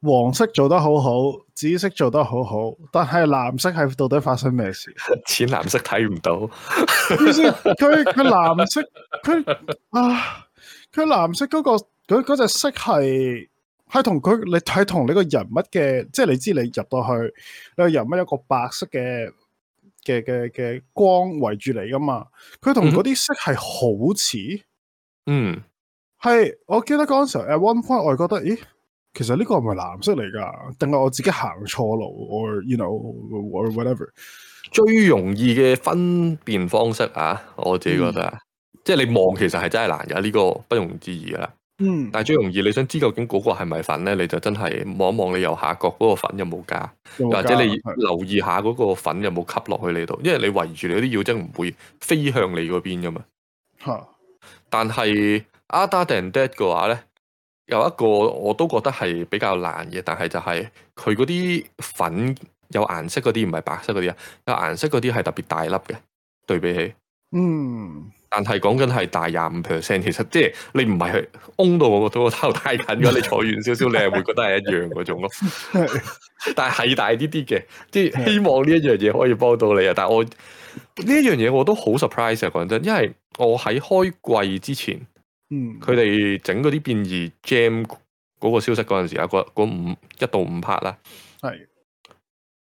黃色做得好好，紫色做得好好，但係藍色係到底發生咩事？淺藍色睇唔到，佢 佢藍色佢啊，佢藍色嗰、嗰個嗰嗰隻色系。係同佢，他你睇同你個人物嘅，即係你知你入到去，你個人物有個白色嘅嘅嘅嘅光圍住你噶嘛？佢同嗰啲色係好似，嗯，係我記得嗰陣時候，At one point 我覺得，咦，其實呢個唔係藍色嚟噶？定係我自己行錯路？or you know, or whatever？最容易嘅分辨方式啊，我自己覺得，嗯、即係你望其實係真係難噶、這個，呢個不容置疑啦。嗯，但係最容易你想知究竟嗰個係咪粉咧，你就真係望一望你右下角嗰個粉有冇加，沒有加，或者你留意下嗰個粉有冇吸落去你度，的因為你圍住你嗰啲妖精唔會飛向你嗰邊噶嘛。吓、嗯，但係 other than that 嘅話咧，有一個我都覺得係比較難嘅，但係就係佢嗰啲粉有顏色嗰啲，唔係白色嗰啲啊，有顏色嗰啲係特別大粒嘅，對比起，嗯。但係講緊係大廿五 percent，其實即係你唔係擁到我個頭太近嘅話 你坐遠少少，你係會覺得係一樣嗰種咯。但係大啲啲嘅，即係希望呢一樣嘢可以幫到你啊！但係我呢一樣嘢我都好 surprise 啊！講真，因為我喺開季之前，佢哋整嗰啲變異 gem 嗰個消息嗰陣時啊，嗰嗰五一到五拍 a 啦，係，是的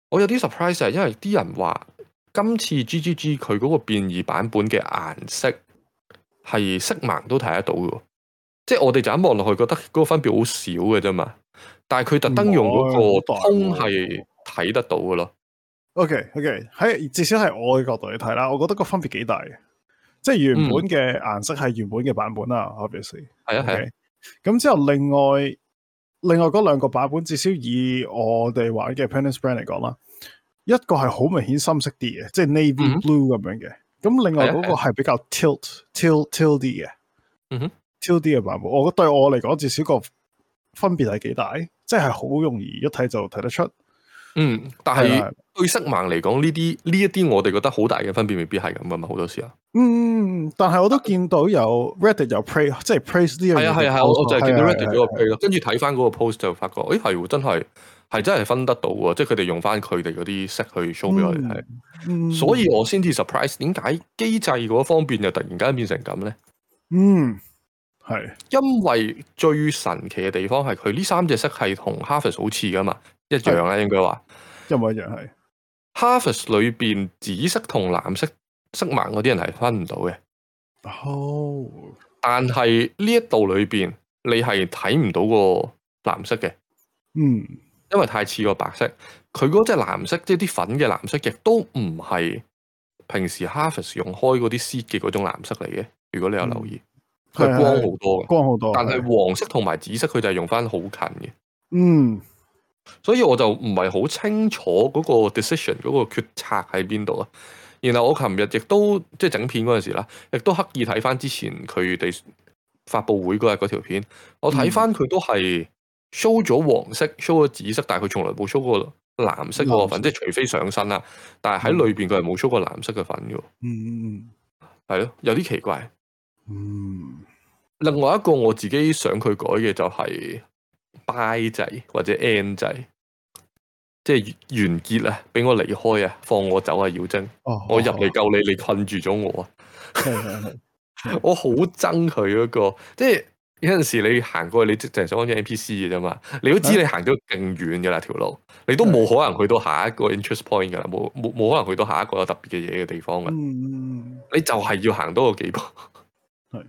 我有啲 surprise 啊，因為啲人話。今次、GG、G G G 佢嗰個變異版本嘅顏色係色盲都睇得到嘅，即係我哋就一望落去覺得嗰個分別好少嘅啫嘛，但係佢特登用嗰個通係睇得到嘅咯。嗯哎、OK OK，喺至少係我嘅角度去睇啦，我覺得嗰個分別幾大嘅，即係原本嘅顏色係原本嘅版本 obviously，尤其是係啊係。咁之後另外另外嗰兩個版本，至少以我哋玩嘅 Penance Brand 嚟講啦。一個係好明顯深色啲嘅，即、就、係、是、navy blue 咁樣嘅。咁、mm hmm. 另外嗰個係比較 tilt tilt tilt 啲、mm、嘅。嗯哼，tilt 啲嘅版本，我、mm hmm. 對我嚟講至少個分別係幾大，即係好容易一睇就睇得出。嗯，但係對色盲嚟講呢啲呢一啲，的我哋覺得好大嘅分別，未必係咁噶嘛，好多時啊。嗯，但係我都見到有 reddit 有 praise，即係 praise 呢樣嘢。係啊係啊，我我就見到 reddit 有個 praise 咯，跟住睇翻嗰個 post 就發覺，誒、哎、係真係。係真係分得到喎，即係佢哋用翻佢哋嗰啲色去 show 俾我哋睇，嗯嗯、所以我先至 surprise。點解機制嗰方面就突然間變成咁咧？嗯，係因為最神奇嘅地方係佢呢三隻色係同 harvest 好似噶嘛，是一樣咧、啊，應該話一模一樣係。harvest 裏邊紫色同藍色色盲嗰啲人係分唔到嘅。哦，但係呢一度裏邊你係睇唔到個藍色嘅。嗯。因為太似個白色，佢嗰隻藍色即係啲粉嘅藍色，亦都唔係平時 Harvest 用開嗰啲絲嘅嗰種藍色嚟嘅。如果你有留意，佢、嗯、光好多，光好多。但係黃色同埋紫色，佢就係用翻好近嘅。嗯，所以我就唔係好清楚嗰個 decision 嗰個決策喺邊度啊。然後我琴日亦都即係整片嗰陣時啦，亦都刻意睇翻之前佢哋發布會嗰日嗰條片，我睇翻佢都係。嗯。show 咗黃色，show 咗紫色，但係佢從來冇 show 過藍色個粉，色即係除非上身啦。但係喺裏邊佢係冇 show 過藍色嘅粉嘅，嗯。嗯，係咯，有啲奇怪。嗯，另外一個我自己想佢改嘅就係、是、拜、嗯、仔或者 n 仔，即係完結啊！俾我離開啊！放我走啊！妖精、哦，我入嚟救你，嗯、你困住咗我啊！我好憎佢嗰個，即係。有陣時你行過去，你淨係想搵隻 NPC 嘅啫嘛？你都知你行咗勁遠嘅啦，條路的你都冇可能去到下一個 interest point 嘅啦，冇冇冇可能去到下一個有特別嘅嘢嘅地方嘅。嗯、你就係要行多個幾步。係。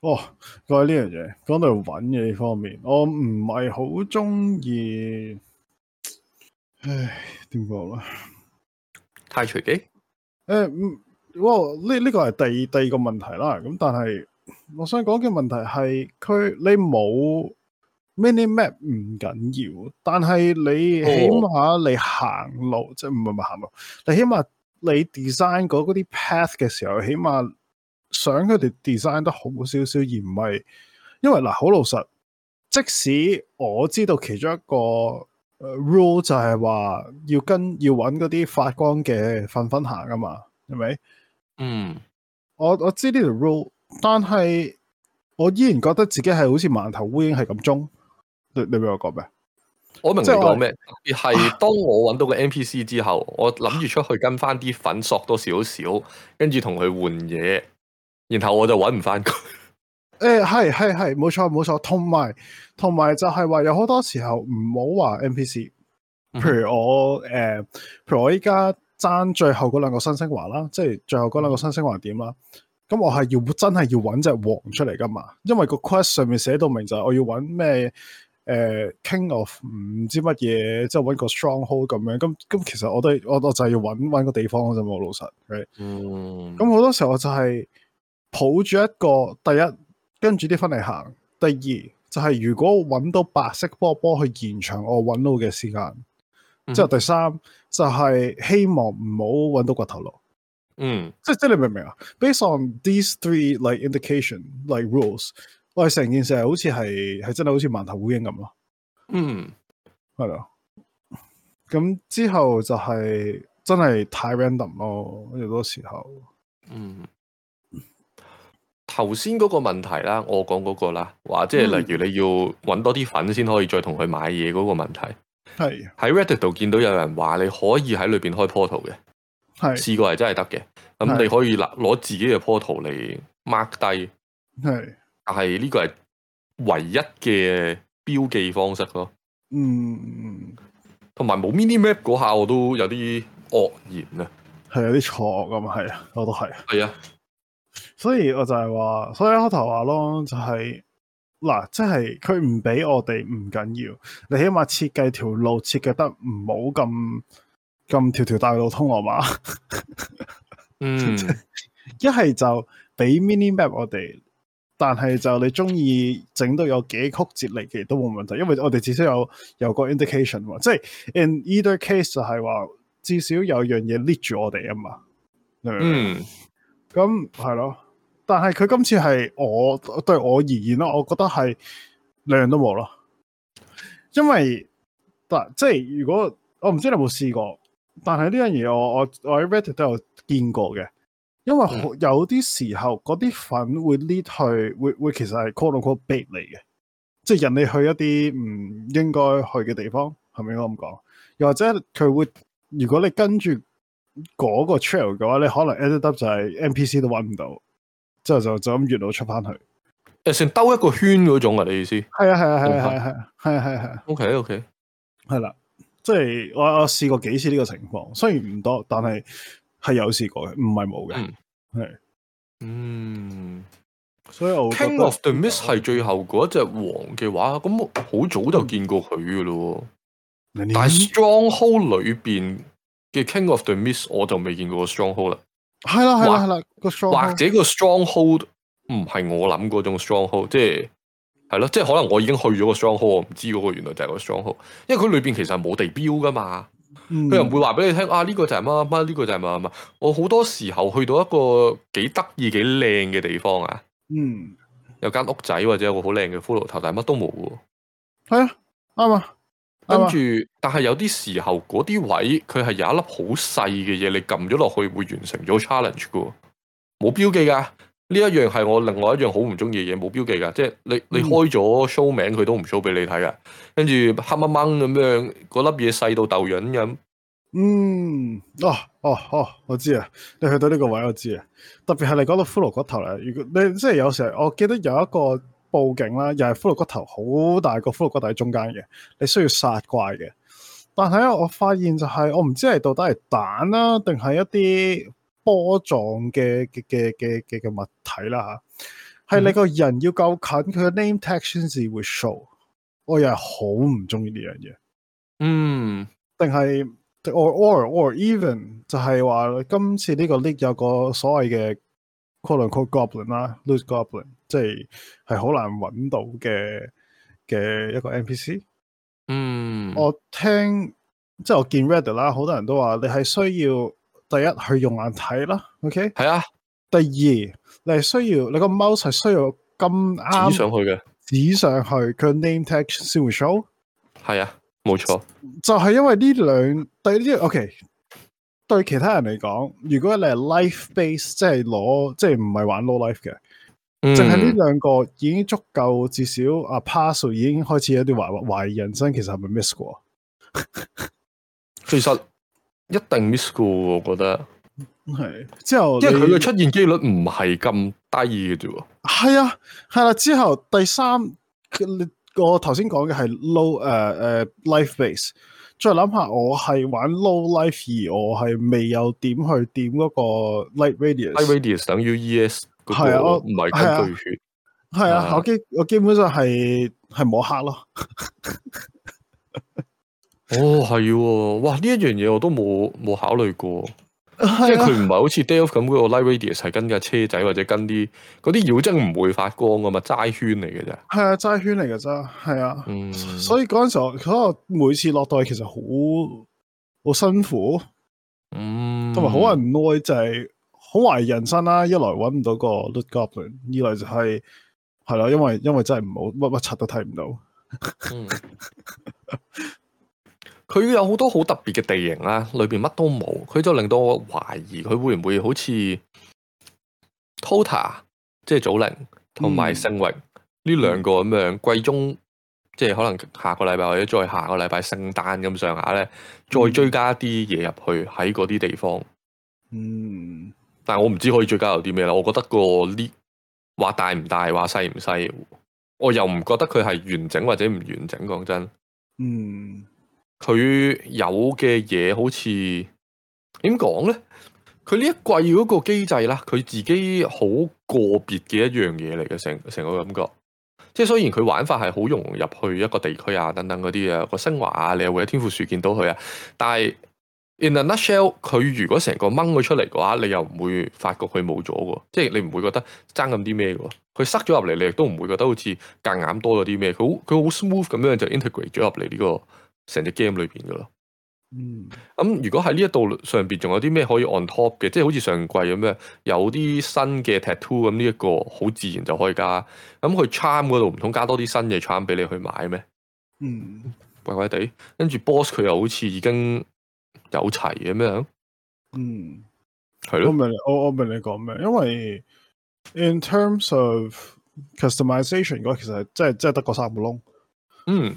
哦，講起呢樣嘢，講到揾嘢方面，我唔係好中意。唉，點講咧？太隨機。誒，嗯，哇，呢、這、呢個係第第二個問題啦。咁但係。我想講嘅問題係，佢你冇 mini map 唔緊要，但係你起碼你行路，哦、即係唔係咪行路，你起碼你 design 嗰啲 path 嘅時候，起碼想佢哋 design 得好少少，而唔係因為嗱，好老實，即使我知道其中一個 rule 就係話要跟要揾嗰啲發光嘅粉粉行啊嘛，係咪？嗯，我我知呢條 rule。但係我依然覺得自己係好似饅頭烏蠅係咁中，你你俾我講咩？我明你講咩？我特別係當我揾到個 N P C 之後，啊、我諗住出去跟翻啲粉索多少少，啊、跟住同佢換嘢，然後我就揾唔翻佢。誒、欸，係係係，冇錯冇錯。同埋同埋就係話有好多時候唔好話 N P C，譬如我誒，嗯、哼譬如我依家爭最後嗰兩個新昇華啦，即、就、係、是、最後嗰兩個新昇華點啦。咁我係要真係要揾隻王出嚟噶嘛？因為個 quest 上面寫到明就係我要揾咩誒 King of 唔知乜嘢，即係揾個 stronghold 咁樣。咁咁其實我都我我就係要揾揾個地方嗰陣，冇老實。咁、right? 好、嗯、多時候我就係抱住一個第一，跟住啲分嚟行。第二就係、是、如果揾到白色波波去延長我揾到嘅時間。即係、嗯、第三就係、是、希望唔好揾到骨頭路。嗯，即係即係你明唔明啊？Based on these three like indication like rules，我哋成件事係好似係係真係好似盲頭烏蠅咁咯。嗯，係咯。咁之後就係、是、真係太 random 咯，有好多時候。嗯，頭先嗰個問題啦，我講嗰個啦，話即係例如你要揾多啲粉先可以再同佢買嘢嗰個問題。係喺、嗯、Reddit 度見到有人話你可以喺裏邊開 portal 嘅。係試過係真係得嘅，咁你可以嗱攞自己嘅 portal 嚟 mark 低，係，但係呢個係唯一嘅標記方式咯。嗯，同埋冇 mini map 嗰下我都有啲愕然啊，係有啲錯咁嘛，係啊，我都係。係啊，所以我就係話，所以一開頭話咯，就係嗱，即係佢唔俾我哋，唔緊要，你起碼設計條路設計得唔好咁。咁條條大路通羅馬。 嗯，一係就俾 mini map 我哋，但係就你中意整到有幾曲折嚟，其實都冇問題，因為我哋至少有有個 indication，即係 in either case 就係話至少有樣嘢 lift 住我哋啊嘛，嗯，咁係咯，但係佢今次係我對我而言咯，我覺得係兩樣都冇咯，因為但即係如果我唔知你有冇試過。但係呢樣嘢我我我 Reddit 都有見過嘅，因為有啲時候嗰啲粉會 lead 去，會會其實係 quote unquote bait 嚟嘅，即係人哋去一啲唔應該去嘅地方，係咪應該咁講？又或者佢會，如果你跟住嗰個 trail 嘅話，你可能 end up 就係 NPC 都揾唔到，之後就就咁越到出翻去，誒，成兜一個圈嗰種啊？你意思？係啊係啊係啊係啊係啊係啊係係、啊、OK OK 係啦。即係我我試過幾次呢個情況，雖然唔多，但係係有試過嘅，唔係冇嘅，係，嗯，是嗯所以我 King of the, 果 the Miss 係最後嗰一隻王嘅話，咁好早就見過佢噶咯。嗯、但 Stronghold 裏邊嘅 King of the Miss 我就未見過 Stronghold 啦，係啦係啦係啦，個、啊或啊啊、Strong hold 或者個 Stronghold 唔係我諗嗰種 Stronghold 即係。係咯，即係可能我已經去咗個商號，我唔知嗰個原來就係個商號，因為佢裏邊其實冇地標噶嘛，佢又唔會話俾你聽啊，呢個就係乜乜，呢個就係乜乜。我好多時候去到一個幾得意、幾靚嘅地方啊，嗯，有間屋仔或者有個好靚嘅骷髏頭，但係乜都冇喎。係啊、嗯，啱啊，跟住，但係有啲時候嗰啲位，佢係有一粒好細嘅嘢，你撳咗落去會完成咗 challenge 嘅，冇標記噶。呢一樣係我另外一樣好唔中意嘅嘢，冇標記噶，即係你你開咗 show 名，佢都唔 show 俾你睇噶。跟住黑掹掹咁樣，嗰粒嘢細到豆樣咁。嗯，哦哦哦，我知啊，你去到呢個位我知啊。特別係你講到骷髏骨頭咧，如果你即係有時候，我記得有一個布景啦，又係骷髏骨頭很，好大個骷髏骨喺中間嘅，你需要殺怪嘅。但係咧，我發現就係、係、我唔知係到底係蛋啊，定係一啲。波狀嘅嘅嘅嘅嘅物體啦嚇，係你個人要夠近佢嘅、mm. name text 先至會 show 我。我又係好唔中意呢樣嘢。嗯，定係 or or or even 就係話今次呢個 league 有個所謂嘅 quote unquote Goblin 啦，Loot Goblin，即係係好難揾到嘅嘅一個 NPC。嗯，我聽即係我見 Reddit 啦，好多人都話你係需要。第一，去用眼睇啦，OK？係啊。第二，你係需要你個 mouse 係需要咁啱指上去嘅，指上去佢 name tag show，係啊，冇錯。就係因為呢兩對呢啲 OK，對其他人嚟講，如果你係 life base，即係攞，即係唔係玩 low life 嘅，淨係呢兩個已經足夠，至少啊 parcel 已經開始有啲懷疑人生，其實係咪 miss 過？其實。一定 miss 嘅，我覺得係之後，因為佢嘅出現機率唔係咁低嘅啫。係啊，係啦，啊。之後第三個頭先講嘅係 low 誒、uh, 誒、uh, life base，再諗下我係玩 low life 而我係未有點去點嗰個 light radius，light radius 等於 es，係啊，唔係跟隊血，係啊，啊，我基我基本上係係摸黑咯。 哦，係喎，哇！呢一樣嘢我都冇冇考慮過，是啊、即係佢唔係好似 Dave 咁嗰個 Light Radius 係跟架車仔或者跟啲嗰啲妖精唔會發光噶嘛？齋圈嚟嘅啫，係啊，齋圈嚟噶咋，係啊，嗯，所以嗰陣時候佢個每次落袋其實好好辛苦，嗯，同埋好無奈，就係好懷疑人生啦。一來搵唔到個 Loot Goblin，二來就係係啦，因為因為真係唔好乜乜柒都睇唔到，嗯 佢有好多好特別嘅地形啦，裏面乜都冇，佢就令到我懷疑佢會唔會好似 Tota 即係祖靈同埋聖域呢兩個咁樣季中，即係可能下個禮拜或者再下個禮拜聖誕咁上下咧，再追加啲嘢入去喺嗰啲地方。嗯，但係我唔知可以追加有啲咩啦。我覺得個 lift 話大唔大，話細唔細，我又唔覺得佢係完整或者唔完整。講真，嗯。佢有嘅嘢好似點講呢？佢呢一季嗰個機制啦，佢自己好個別嘅一樣嘢嚟嘅，成成個感覺。即係雖然佢玩法係好融入去一個地區啊，等等嗰啲啊個升華啊，你又會喺天賦樹見到佢啊。但係 in a nutshell，佢如果成個掹佢出嚟嘅話，你又唔會發覺佢冇咗嘅。即係你唔會覺得爭咁啲咩嘅？佢塞咗入嚟，你亦都唔會覺得好似夾硬多咗啲咩。佢好佢好 smooth 咁樣就 integrate 咗入嚟呢個。成隻 game 裏邊噶咯，嗯，咁、嗯、如果喺呢一度上邊仲有啲咩可以 on top 嘅，即係好似上季咁樣，有啲新嘅 tattoo 咁、嗯、呢一、這個，好自然就可以加。咁、嗯、佢 charm 嗰度唔通加多啲新嘅 charm 俾你去買咩？嗯，怪怪地。跟住 boss 佢又好似已經有齊嘅咩？嗯，係咯是的。我明我我明你講咩？因為 in terms of customization 嗰個其實真即係即係得個三個窿。嗯。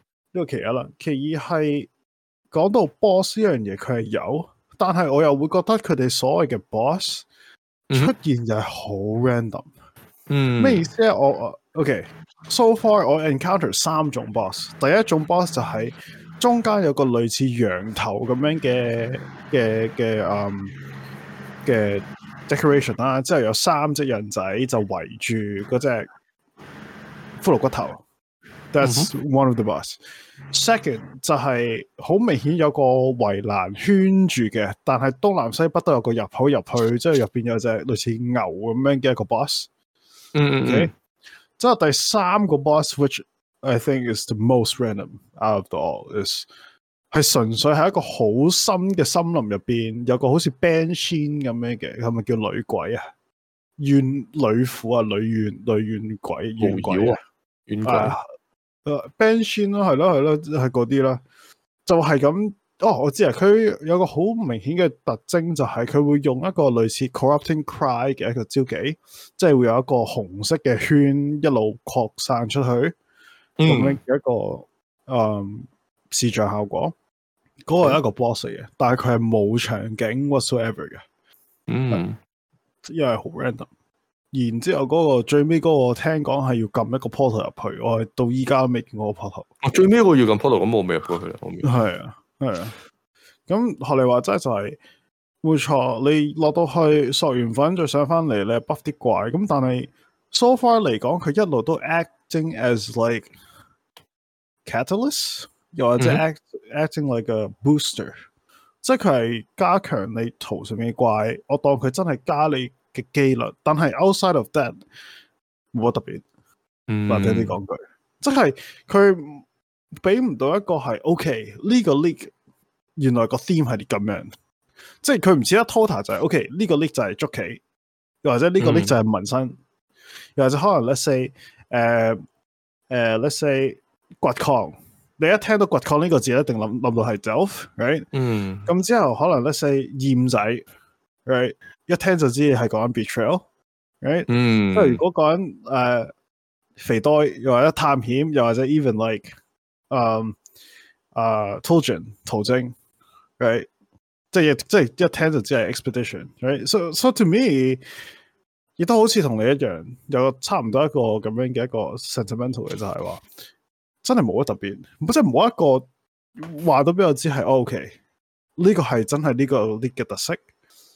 呢個其一啦，其二係講到 boss 呢樣嘢，佢係有，但係我又會覺得佢哋所謂嘅 boss 出現就係好 random。嗯、mm，咩、hmm，意思咧？我我 OK，so、okay, far 我 encounter 三種 boss，第一種 boss 就係中間有個類似羊頭咁樣嘅嘅嘅嘅 decoration 啦，之後、um，有三隻人仔就圍住嗰隻骷髏骨頭。That's one of the boss. Second, mm hmm. 就係好明顯有個圍欄圈住嘅，但係東南西北都有個入口入去，即係入邊有隻類似牛咁樣嘅一個 boss 嗯，即係第三個 boss, which I think is the most random out of all is 係純粹係一,一個好深嘅森林入邊有個好似 Banshee 咁樣嘅，係咪叫女鬼啊？怨女婦啊？女怨女怨鬼怨鬼啊？誒 bench 啦，係咯、uh，係咯，係嗰啲啦，就係咁。哦，我知啊，佢有一個好明顯嘅特徵，就係佢會用一個類似 corrupting cry 嘅一個招技，即係會有一個紅色嘅圈一路擴散出去，咁樣嘅一個誒、嗯嗯、視像效果。嗰個係一個 boss 嚟嘅、嗯，但係佢係冇場景 whatsoever 嘅。嗯，因為好 random。是然之後嗰個最尾嗰個聽講係要撳一個 portal 入去，我到依家都未見嗰個 portal 最尾一個要撳 portal 咁我未入過去面係啊，係啊。咁學、啊、你話齋就係、是，冇錯。你落到去索完粉再上翻嚟，你 buff 啲怪。咁但係 so far 嚟講，佢一路都 acting as like catalyst，又或者 acting acting like a booster，、嗯、哼即係佢係加強你圖上面嘅怪。我當佢真係加你。嘅機率，但係 outside of that 冇乜特別，或者你講句，即係佢俾唔到一個係 OK 呢個 league，原來個 theme 係啲咁樣，即係佢唔似得 total 就係 OK 呢個 league 就係捉棋，又或者呢個 league 就係紋身，又或者可能 let's say 誒誒 let's say 掘礦，你一聽到掘礦呢個字一定諗諗到係 Delve，right？嗯，咁之後可能 let's say 厭仔，right？一聽就知係講 betrayal，即係如果講誒、uh, 肥多，又或者探險，又或者 even like，嗯啊 toujung，toujung，right？即係即係一聽就知係 expedition，right？所、so, 以、so、所以，to me 亦都好似同你一樣，有差唔多一個咁樣嘅一個 sentimental 嘅就係話，真係冇乜特別，即係冇一個話都俾我知係 ok，呢個係真係呢、呢個 league 嘅、這個、特色。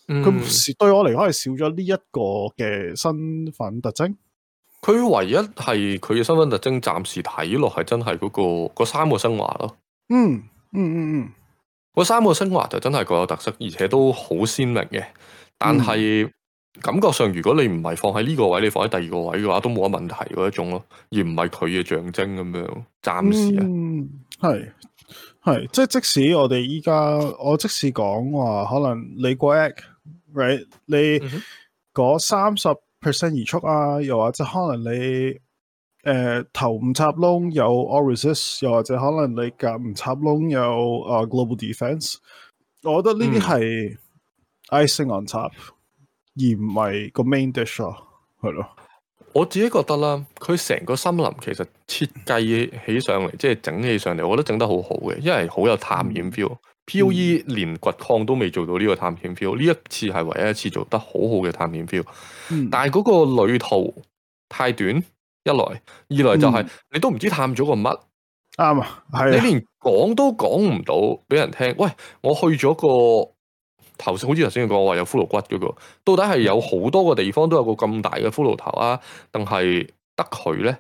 佢對我嚟講，係少咗呢一個嘅身份特徵，佢、嗯嗯嗯嗯、唯一係佢嘅身份特徵、嗰個，暫時睇落係真係嗰個三個升華咯。嗯嗯嗯嗯，嗰、嗯嗯、三個升華就真係各有特色，而且都好鮮明嘅。但係感覺上，如果你唔係放喺呢個位，你放喺第二個位嘅話，都冇乜問題嗰一種咯，而唔係佢嘅象徵咁樣。暫時啊，係係、嗯、即係即使我哋依家我即使講話可能你個 Right? 你嗰三十 percent 移速啊，又或者可能你誒、呃、頭唔插窿有 all resist 又或者可能你夾唔插窿有啊、uh, global defense 我覺得呢啲係 icing on top、嗯、而唔係個 main dish 咯、啊。咯，我自己覺得啦，佢成個森林其實設計起上嚟，即係 整起上嚟，我覺得整得好好嘅，因為好有探險 feel。 P.O.E 連掘礦都未做到呢個探險 feel，呢一次係唯一一次做得好好嘅探險 feel，但係嗰個旅途太短，一來二來就係你都唔知探咗個乜，啱啊、嗯，係你連講都講唔到俾人聽，喂，我去咗個頭先，好似頭先講話有骷髏骨嗰個，到底係有好多個地方都有個咁大嘅骷髏頭啊，定係得佢咧？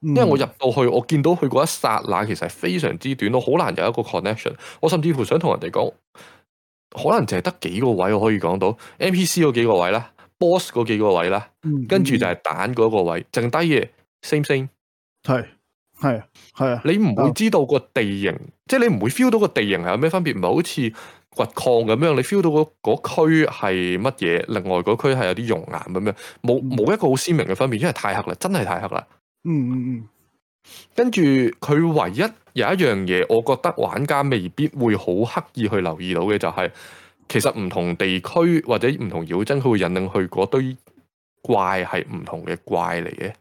因為我入到去，我見到佢嗰一剎那，其實係非常之短，我好難有一個 connection。我甚至乎想同人哋講，可能淨係得幾個位我可以講到 NPC 嗰幾個位啦，boss 嗰幾個位啦，跟住就係蛋嗰個位，剩低嘅 same thing 係係係啊！嗯嗯、你唔會知道個地形，即係你唔會 feel 到個地形係有咩分別，唔係好似掘礦咁樣，你 feel 到嗰嗰區係乜嘢，另外嗰區係有啲溶岩咁樣，冇冇一個好鮮明嘅分別，因為太黑啦，真係太黑啦。嗯嗯嗯，跟住佢唯一有一樣嘢，我覺得玩家未必會好刻意去留意到嘅，就係其實唔同地區或者唔同妖精，佢會引領去嗰堆怪係唔同嘅怪嚟嘅，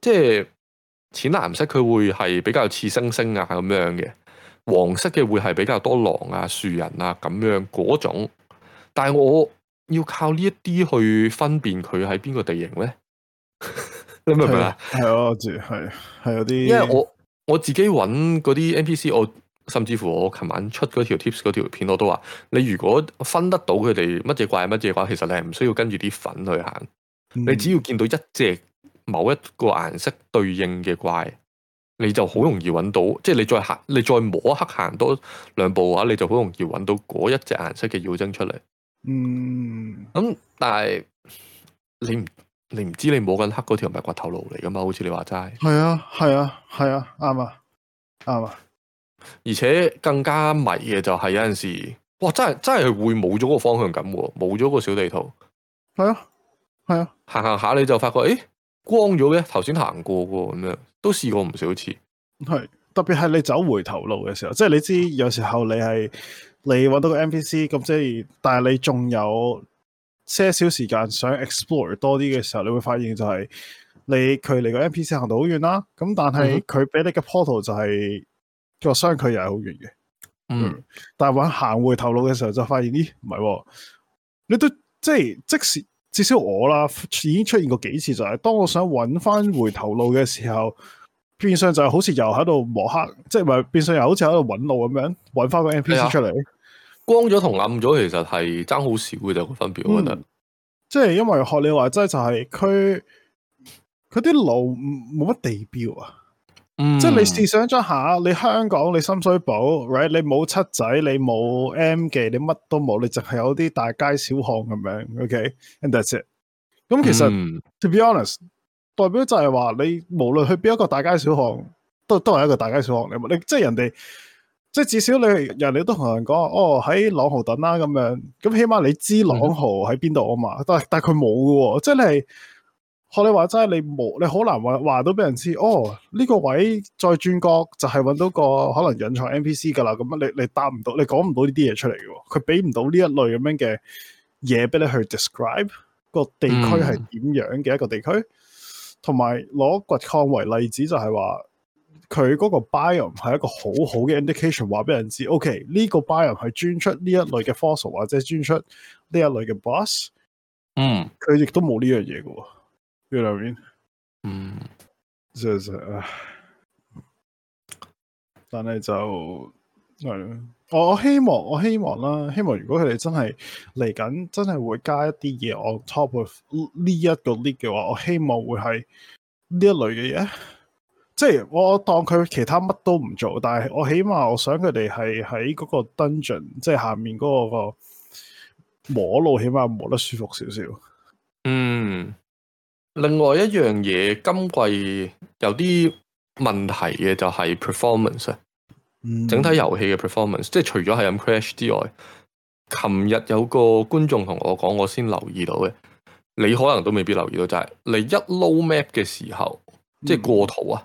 即係淺藍色佢會係比較似星星啊咁樣嘅，黃色嘅會係比較多狼啊、樹人啊咁樣嗰種，但係我要靠呢一啲去分辨佢喺邊個地形呢？ 你明唔明啊？係啊，住係係有啲，因為我我自己揾嗰啲 NPC，我甚至乎我琴晚出嗰條 tips 嗰條片，我都話你如果分得到佢哋乜嘢怪係乜嘢嘅話，其實你係唔需要跟住啲粉去行，你只要見到一隻某一個顏色對應嘅怪，你就好容易揾到，即係、嗯、你再行，你再摸黑行多兩步嘅、啊、話，你就好容易揾到嗰一隻顏色嘅妖精出嚟。嗯。咁、嗯、但係你唔？你唔知你摸緊黑嗰條係咪骨頭路嚟噶嘛？好似你話齋，係啊，係啊，係啊，啱啊，啱啊。而且更加迷嘅就係有陣時，哇，真係真係會冇咗個方向感，冇咗個小地圖。係啊，係啊，行行下你就發覺，誒，光咗嘅，頭先行過嘅，咁樣都試過唔少次。係，特別係你走回頭路嘅時候，即係你知有時候你係你搵到個 NPC，咁即係，但係你仲有些少時間想 explore 多啲嘅時候，你會發現就係你距離個 NPC 行到好遠啦，咁但係佢俾你嘅 portal 就係個相距又係好遠嘅，嗯,嗯，但係搵行回頭路嘅時候就發現咦唔係、啊，你都即係即使至少我啦已經出現過幾次就係當我想搵翻回頭路嘅時候，變相就係好似又喺度磨黑，即係咪變相又好似喺度搵路咁樣搵翻個 NPC 出嚟。光咗同暗咗其實係爭好少嘅一個分別，我覺得。即係因為學你話，即係就係佢佢啲路冇乜地標啊。嗯，即係你試想咗下，你香港你深水埗 right? 你冇七仔，你冇 M 記，你乜都冇，你淨係有啲大街小巷咁樣。OK，and that's it。咁其實，嗯，to be honest，代表就係話你無論去邊一個大街小巷，都都係一個大街小巷嚟。你即係人哋。即係至少你人哋都同人講，哦喺朗豪等啦咁樣，咁起碼你知朗豪喺邊度啊嘛？但但佢冇嘅喎，即係學你話齋，你冇你好難話話到俾人知。哦，呢、呢個位再轉角就係搵到個可能隱藏 NPC 㗎啦。咁你你答唔到，你講唔到呢啲嘢出嚟嘅喎。佢俾唔到呢一類咁樣嘅嘢俾你去 describe 個地區係點樣嘅一個地區。同埋攞掘礦為例子就，就係話。佢嗰個 biome 係一個好好嘅 indication，話俾人知，OK 呢個 biome 係專出呢一類嘅 fossil 或者專出呢一類嘅 boss，嗯，佢亦都冇呢樣嘢嘅，you know what I mean？嗯，事實，但係就係，我希望我希望啦，希望如果佢哋真係嚟緊，真係會加一啲嘢，我 on top of 呢一個 league 嘅話，我希望會係呢一類嘅嘢。即係我當佢其他乜都唔做，但係我起碼我想佢哋係喺嗰個 dungeon，即係下面嗰、那個個摸路，起碼摸得舒服少少。嗯，另外一樣嘢，今季有啲問題嘅就係 performance，、嗯、整體遊戲嘅 performance，即係除咗係咁 crash 之外，琴日有個觀眾同我講，我先留意到嘅，你可能都未必留意到，就係、是、你一 load map 嘅時候，嗯、即係過圖啊。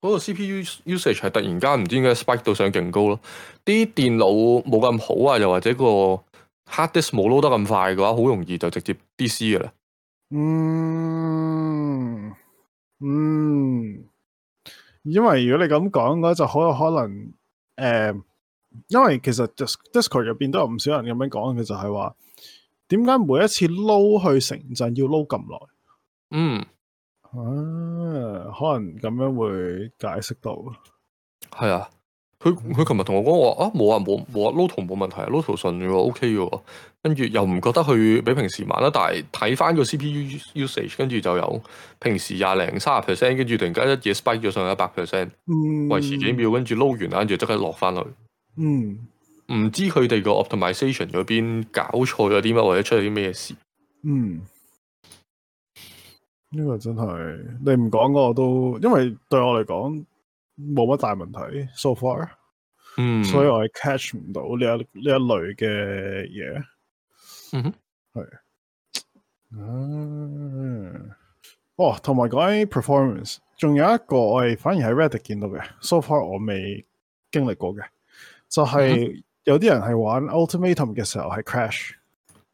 嗰個 C P U usage 係突然間唔知點解 spike 到上勁高咯，啲電腦冇咁好啊，又或者個 hard disk 冇撈得咁快嘅話，好容易就直接 D C 嘅啦。嗯，嗯，因為如果你咁講嘅話，就好有可能，誒、嗯，因為其實 Discord 入邊都有唔少人咁樣講，嘅，就係話，點解每一次撈去城鎮要撈咁耐？嗯。啊，可能咁樣會解釋到。係啊，佢佢琴日同我講，我啊冇啊冇冇啊 lotto 冇問題啊。lotto 順，OK 嘅，跟住又唔覺得佢比平時慢啦。但係睇翻個 CPU usage，跟住就有平時廿零三十 percent，跟住突然間一嘢 spike 咗上去一百 percent，維持幾秒，跟住撈完啦，跟住即刻落翻去。嗯，唔知佢哋個 optimization 裏邊搞錯咗啲乜，或者出咗啲咩事。嗯。呢個真係你唔講嗰個都，因為對我嚟講冇乜大問題。so far，嗯，所以我係 catch 唔到呢一呢一類嘅嘢。嗯哼，uh, 哦，同埋講起 performance，仲有一個我係反而喺 Reddit 見到嘅，so far 我未經歷過嘅，就係，是，有啲人係玩 Ultimatum 嘅，um，時候係 crash。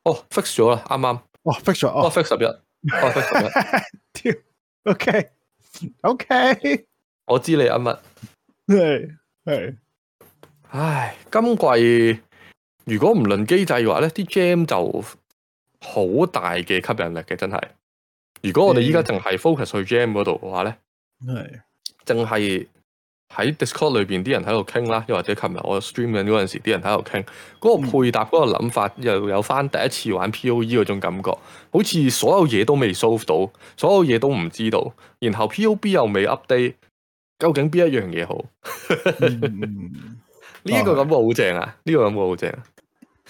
哦，fix 咗啦，啱啱。剛剛哦，fix 咗哦，fix 十一。O K O K，我知你阿乜係係，唉，今季如果唔論機制嘅話咧，啲 Gem 就好大嘅吸引力嘅，真係。如果我哋依家淨係 focus 去 Gem 嗰度嘅話咧，係淨係。喺 Discord 裏邊啲人喺度傾啦，又或者琴日我 stream 緊嗰陣時，啲人喺度傾。嗰個配搭嗰個諗法，又有翻第一次玩 P O E 嗰種感覺，好似所有嘢都未 solve 到，所有嘢都唔知道，然後 P O B 又未 update，究竟邊一樣嘢好？呢 mm hmm. oh. 個感覺好正啊！呢、這個感覺好正、啊。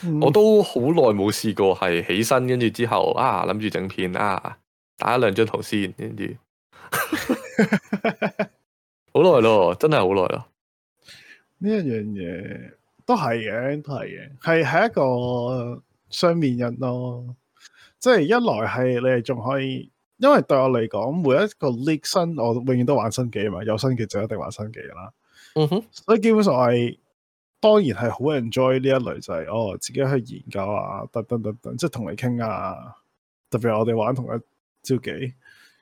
Mm hmm. 我都好耐冇試過係起身，跟住之後啊，諗住整片啊，打一、啊、兩張圖先，跟住。 好耐咯，真係好耐咯。呢一樣嘢都係嘅，都係嘅，係係一個雙面人咯。即係一來係你哋仲可以，因為對我嚟講，每一個 league 身我永遠都玩新機啊嘛，有新機就一定玩新機㗎啦。嗯哼、mm，hmm. 所以基本上係當然係好 enjoy 呢一類就係、是、哦，自己去研究啊，等等等等，即係同你傾啊。特別我哋玩同一招技，咁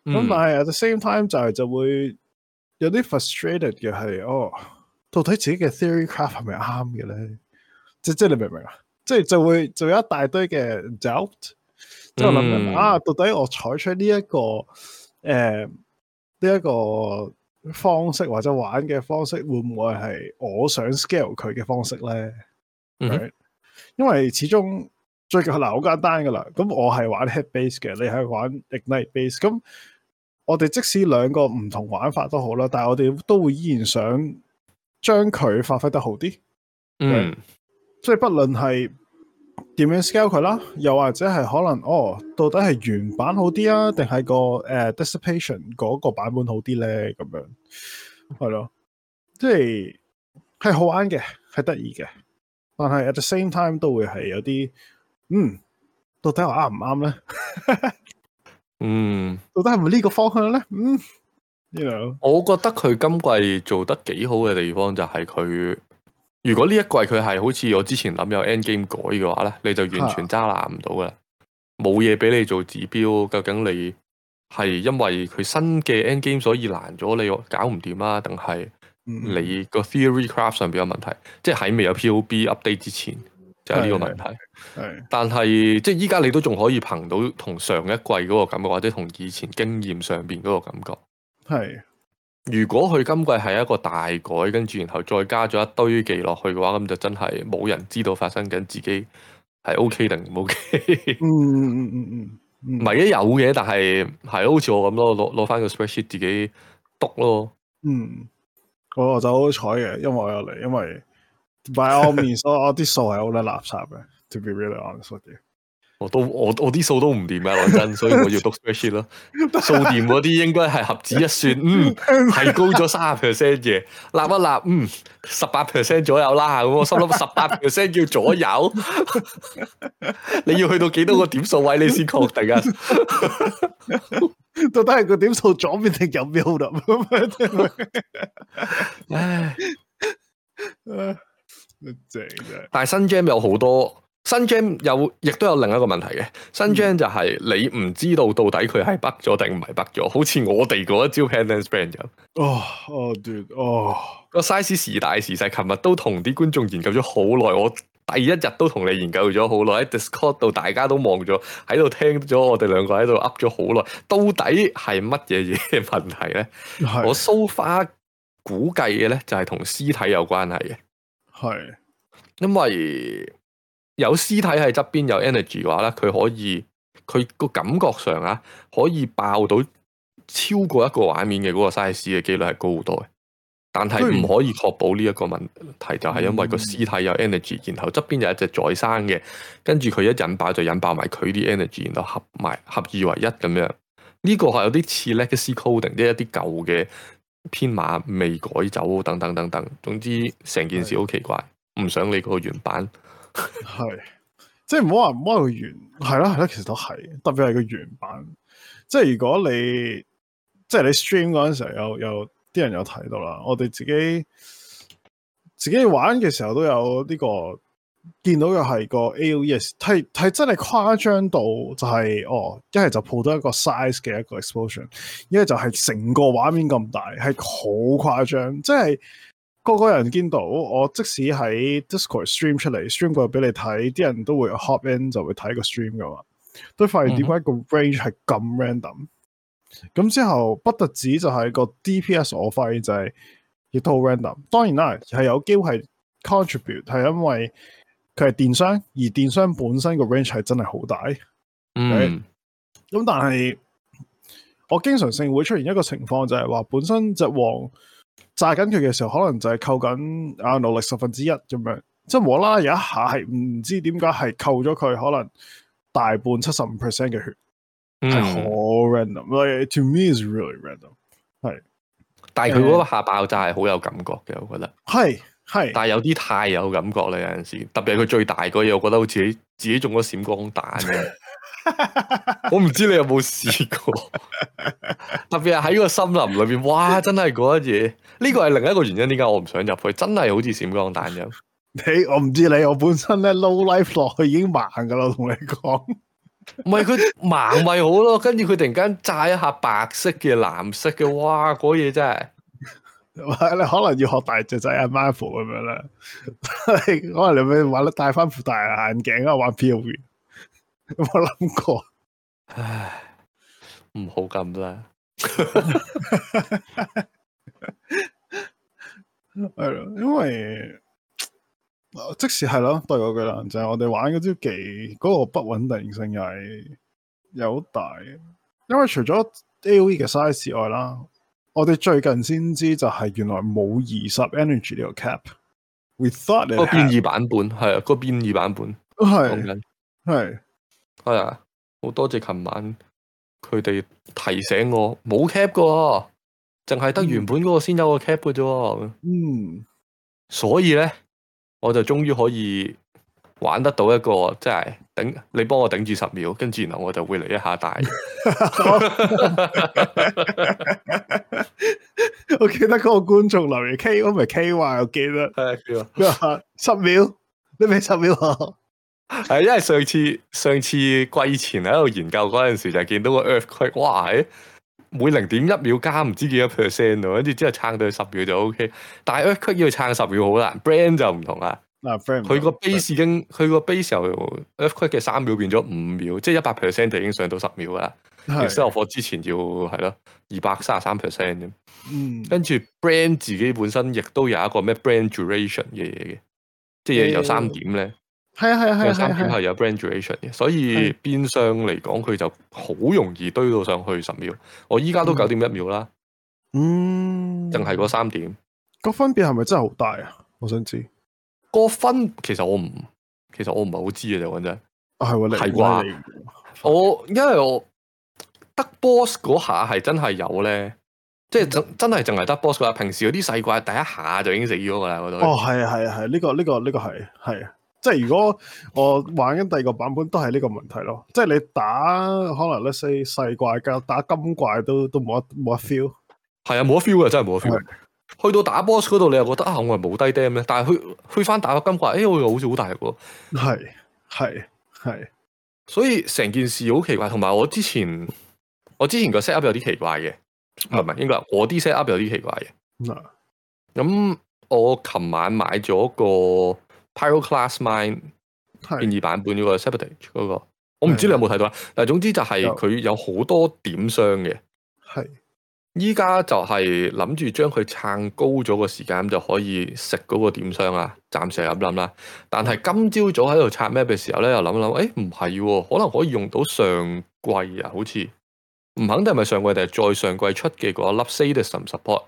但係 at the same time 就係就會。有啲 frustrated 嘅係，哦，到底自己嘅 theory craft 係咪啱嘅咧？即即你明唔明啊？即就會做一大堆嘅 doubt，之後諗諗啊，到底我採取呢、這、一個誒呢一個方式或者玩嘅方式，會唔會係我想 scale 佢嘅方式咧？Right? 嗯、哼因為始終最近嗱好簡單噶啦，咁我係玩 head base 嘅，你係玩 ignite base 咁。那我哋即使兩個唔同玩法都好啦，但係我哋都會依然想將佢發揮得好啲。嗯，即係不論係點樣 scale 佢啦，又或者係可能哦，到底係原版好啲啊，定係個誒 Dissipation 嗰個版本好啲咧？咁樣係咯，即係係好玩嘅，係得意嘅，但係 at the same time 都會係有啲，嗯，到底我啱唔啱咧？ 嗯，到底係咪呢個方向呢？嗯，你諗，我覺得佢今季做得幾好嘅地方就係佢，如果呢一季佢係好似我之前諗有 End Game 改嘅話呢，你就完全揸拿唔到噶啦，冇嘢俾你做指標，究竟你係因為佢新嘅 End Game 所以難咗你搞唔掂啊？定係你個 Theory Craft 上邊有問題？即係喺未有 POB update 之前。就係呢個問題，係，但係即係依家你都仲可以憑到同上一季嗰個感覺，或者同以前經驗上邊嗰個感覺，係。係係如果佢今季係一個大改，跟住然後再加咗一堆技落去嘅話，咁就真係冇人知道發生緊自己係 OK 定唔 OK。嗯嗯嗯嗯，唔係一有嘅，但係係好似我咁咯，攞攞翻個 spreadsheet 自己篤咯。嗯，我我就好彩嘅，因為我有嚟，因為。By all means，我我啲數係好啲垃圾嘅。To be really honest with you，我都我我啲數都唔掂啊，講真，所以我要讀 special 咯。數掂嗰啲應該係合指一算，嗯，係高咗三十 percent 嘅，立一立，嗯，十八 percent 左右啦。咁我心諗十八 percent 叫左右，你要去到幾多個點數位你先確定啊？到底係個點數左邊定右邊啊？唉。正真，真但係新 Gem 有好多新 Gem 有，亦都有另一個問題嘅。嗯、新 Gem 就係你唔知道到底佢係白咗定唔係白咗，好似我哋嗰一招 hand and spread an 咁、哦。哦哦哦，個 size 時大時細，琴日都同啲觀眾研究咗好耐，我第一日都同你研究咗好耐，喺 Discord 度大家都望咗，喺度聽咗我哋兩個喺度噏咗好耐，到底係乜嘢嘢問題咧？是我 so far 估計嘅咧就係同屍體有關係嘅。係，是因為有屍體喺側邊有 energy 嘅話咧，佢可以佢個感覺上啊，可以爆到超過一個畫面嘅嗰個 size 嘅幾率係高好多嘅，但係唔可以確保呢一個問題就係、是、因為個屍體有 energy，、嗯、然後側邊有一隻再生嘅，跟住佢一引爆就引爆埋佢啲 energy，然後合埋合二為一咁樣，呢、這個係有啲似 legacy coding 即係一啲舊嘅。編碼未改走，等等等等，總之成件事好奇怪，唔是的 想理嗰個原版的，係， 即係唔好話摸個原，係啦係啦，其實都係，特別係個原版，即係如果你，即係你 stream 嗰陣時候有，有有啲人有睇到啦，我哋自己自己玩嘅時候都有呢、這個。見到又係個 AOS，係係真係誇張到就係、是、哦，一係就鋪多一個 size 嘅一個 exposure，一為就係成個畫面咁大，係好誇張，即係個個人見到我即使喺 Discord stream 出嚟 stream 過俾你睇，啲人都會 hop in 就會睇個 stream 噶嘛，都發現點解個 range 係咁 random，咁、嗯、之後不得止就係個 DPS，我發現就係、是、亦都 random，當然啦係有機會係 contribute，係因為。佢係電商，而電商本身個 range 係真係好大，嗯。咁但係我經常性會出現一個情況，就係話本身隻王炸緊佢嘅時候，可能就係扣緊啊努力十分之一咁樣，即係無啦啦有一下係唔知點解係扣咗佢，可能大半七十五 percent 嘅血，係好 random。所以、嗯、to me is really random。係，但係佢嗰個下爆炸係好有感覺嘅，我覺得、嗯。係。係，是但係有啲太有感覺咧，有陣時，特別係佢最大嗰嘢，我覺得好似自，自己中咗閃光彈嘅， 我唔知你有冇試過。特別係喺個森林裏邊，哇，真係嗰嘢，呢個係另一個原因，點解我唔想入去？真係好似閃光彈咁。你我唔知你，我本身咧 low life 落去已經盲噶啦，同你講。唔係佢盲咪好咯，跟住佢突然間炸一下白色嘅、藍色嘅，哇！嗰嘢真係。 你可能要學大隻仔阿 Marvel 咁樣啦， 可能你咪玩咗戴翻副大眼鏡啊玩 p u b 有冇諗過， 唉，唔好咁啦。係咯， 因為即使係咯，對嗰句啦，就係我哋玩嗰招技，嗰、嗰個不穩定性又係又好大，因為除咗 A，O，E 嘅 size 外啦。我哋最近先知就係原來冇二十 energy 呢個 cap。We thought 個變異版本係啊，個變異版本係係係啊！好多謝琴晚佢哋提醒我冇 cap 㗎喎，淨係得原本嗰個先有個 cap 㗎啫。嗯，所以咧我就終於可以，玩得到一個即係頂，就是，你幫我頂住十秒，跟住然後我就會嚟一下大。我記得嗰個觀眾留言 K，我咪 K 話，我記得。十 秒，你咩十秒啊？係 因為上次上次季前喺度研究嗰陣時就見到個 earthquake，哇！每零點一秒加唔知幾多 percent 啊，跟住之後撐到十秒就 OK。但係 earthquake 要撐十秒好難，brand 就唔同啦。佢個 base 已經，佢個 base 由 f quick 嘅三秒變咗五秒，即係一百 percent 就已經上到十秒㗎啦。而 sell 之前要係咯二百三十三 percent 咁。嗯，跟住 brand 自己本身亦都有一個咩 brand duration 嘅嘢嘅，即係有三點咧。係啊，係啊，係三點係有 brand duration 嘅，所以變相嚟講，佢就好容易堆到上去十秒。我依家都九點一秒啦。嗯，淨係嗰三點個分別係咪真係好大啊？我想知。個分其實我唔，其實我唔係好知嘅，講真啊。係喎，係啩？你我因為我得 boss 嗰下係真係有咧，即係真真係淨係得 boss 噶。平時嗰啲細怪第一下就已經死咗噶啦，嗰度。哦，係啊，係啊，係，呢個呢個呢個係，係。即係如果我玩緊第二個版本，都係呢個問題咯。即係你打可能啲細細怪加打金怪都都冇冇得 feel。係啊，冇得 feel 啊，真係冇得 feel。去到打 boss 嗰度，你又覺得啊，我係冇低 damage 但係去去翻打個金怪，誒、哎，我又好似好大個，係係係，所以成件事好奇怪，同埋我之前我之前個 set up 有啲奇怪嘅，唔係唔係，應該我啲 set up 有啲奇怪嘅，嗱、嗯，咁我琴晚買咗個 pyro class mine 變異版本的，本個嗰個，我唔知你有冇睇到啊，的但係總之就係佢有好多點傷嘅，係。是依家就係諗住將佢撐高咗個時間就可以食嗰個點雙啦，暫時係咁諗啦。但係今朝早喺度拆咩嘅時候咧，又諗諗，誒唔係，哦，可能可以用到上季啊，好似唔肯定係咪上季定係再上季出嘅嗰一粒 Sadism Support。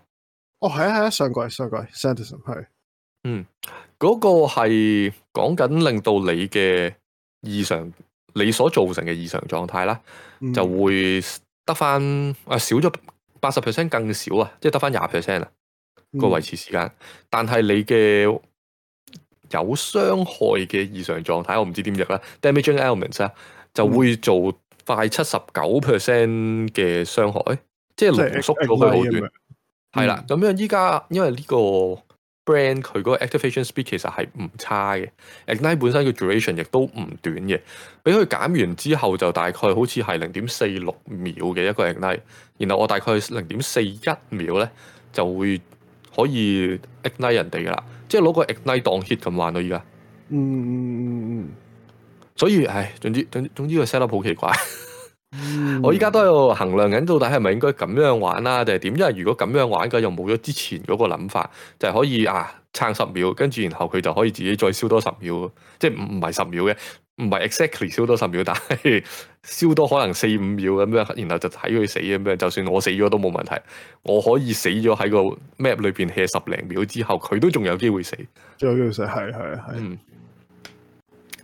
哦，係啊係啊，上季上季，上季 Sadism 係。嗯，嗰，那個係講緊令到你嘅異常，你所造成嘅異常狀態啦，嗯，就會得返啊少咗。八十 percent 更少啊，即係得翻廿 percent 啊，這個維持時間。嗯、但係你嘅有傷害嘅異常狀態，我唔知點譯啦。Damaging elements 啊，就會做快七十九 percent 嘅傷害，嗯、即係濃縮咗佢好短，係啦、嗯。咁、嗯、樣依家因為呢、這個。brand 佢個 activation speed 其實係唔差嘅，ignite 本身個 duration 亦都唔短嘅，俾佢減完之後就大概好似係零點四六秒嘅一個 ignite，然後我大概零點四一秒咧就會可以 ignite 人哋㗎喇，即係攞個 ignite 當 hit 咁玩到依家，嗯嗯嗯嗯，所以唉，總之總之總之個 set up 好奇怪。嗯、我依家都有衡量緊到底係咪應該咁樣玩啦、啊，定係點？因為如果咁樣玩嘅，又冇咗之前嗰個諗法，就係、是、可以啊撐十秒，跟住然後佢就可以自己再燒多十秒，即係唔唔係十秒嘅，唔係 exactly 燒多十秒，但係燒多可能四五秒咁樣，然後就睇佢死咁樣。就算我死咗都冇問題，我可以死咗喺個 map 裏邊歇十零秒之後，佢都仲有機會死，仲有機會死，係係係。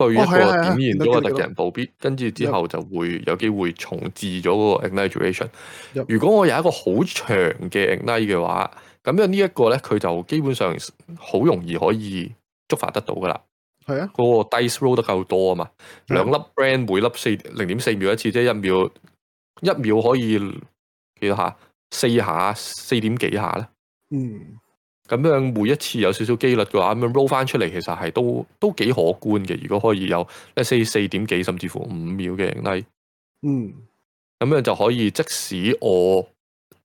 對個點燃咗個特技人暴斃，跟住之後就會有機會重置咗個 ignite duration。如果我有一個好長嘅 ignite 嘅話，咁樣呢一個咧，佢就基本上好容易可以觸發得到噶啦。係啊，個 dice roll 得夠多啊嘛，兩粒 brand 每粒四零點四秒一次，即係一秒一秒可以幾多下？四下，四點幾下咧？嗯。咁樣每一次有少少機率嘅話，咁樣 roll 翻出嚟，其實係都都幾可觀嘅。如果可以有一四四點幾，甚至乎五秒嘅 ignite 嗯，咁樣就可以。即使我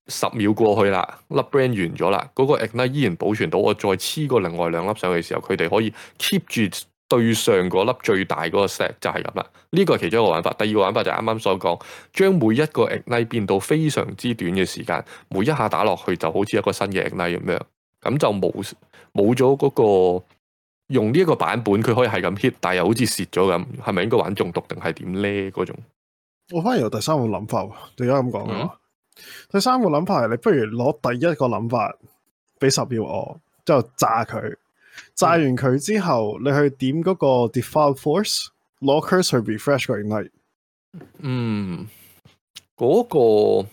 十秒過去啦，粒 brand 完咗啦，嗰、嗰個 ignite 依然保存到我再黐過另外兩粒上去嘅時候，佢哋可以 keep 住對上嗰粒最大嗰、嗰個 set，就係咁啦。呢個係其中一個玩法。第二個玩法就係啱啱所講，將每一個 ignite 變到非常之短嘅時間，每一下打落去就好似一個新嘅 ignite 咁樣。咁就冇冇咗嗰個，用呢一個版本，佢可以係咁 hit，但又好似蝕咗咁，係咪應該玩中毒定係點咧？嗰種我反而有第三個諗法喎，點解咁講第三個諗法係你不如攞第一個諗法俾十秒我，之後炸佢，炸完佢之後，嗯、你去點嗰個 default force 攞 curse 去 refresh 嗰樣嘢。嗯，嗰、嗰個。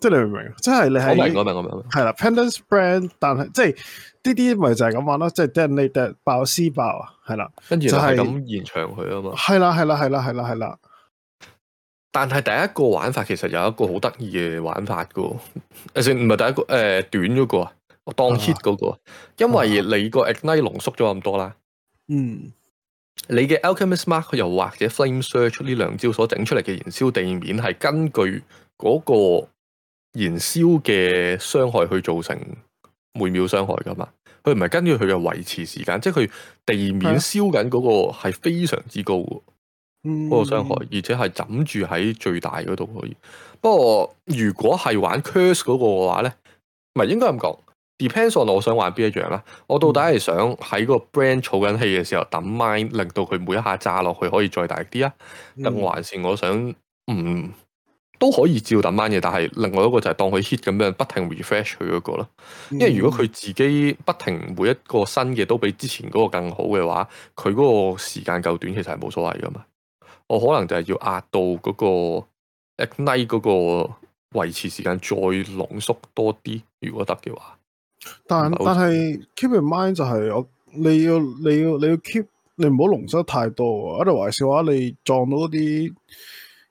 即係你明唔明？即係你係，我明我明我明。係啦 Penance Brand，但係即係呢啲咪就係咁玩咯，即係啲人你哋爆屍爆啊，係啦，跟住就係咁延長佢啊嘛。係啦係啦係啦係啦係啦。但係第一個玩法其實有一個好得意嘅玩法噶，誒算唔係第一個誒、呃、短嗰個啊，我當 hit 嗰、那個，啊、因為你個 ignite 濃縮咗咁多啦，嗯，你嘅 Alchemist Mark 又或者 Flame Surge 呢兩招所整出嚟嘅燃燒地面係根據嗰、那個。燃燒嘅傷害去造成每秒傷害噶嘛？佢唔係根據佢嘅維持時間，即係佢地面燒緊嗰個係非常之高嘅，嗰、啊、個傷害，而且係枕住喺最大嗰度可以。不過如果係玩 curse 嗰個嘅話咧，唔係應該咁講，depends on 我想玩邊一樣啦。嗯、我到底係想喺個 brand 儲緊氣嘅時候等 mine 令到佢每一下炸落去可以再大啲啊？定、嗯、還是我想唔？嗯都可以照等翻嘅，但係另外一個就係當佢 hit 咁樣不停 refresh 佢嗰個咯。因為如果佢自己不停每一個新嘅都比之前嗰個更好嘅話，佢嗰個時間夠短，其實係冇所謂噶嘛。我可能就係要壓到嗰個 ignite 嗰個維持時間再濃縮多啲，如果得嘅話。但太但係 keep in mind 就係、是、我你要你要你要 keep，你唔好濃縮太多啊！一嚟話事嘅話，你撞到啲。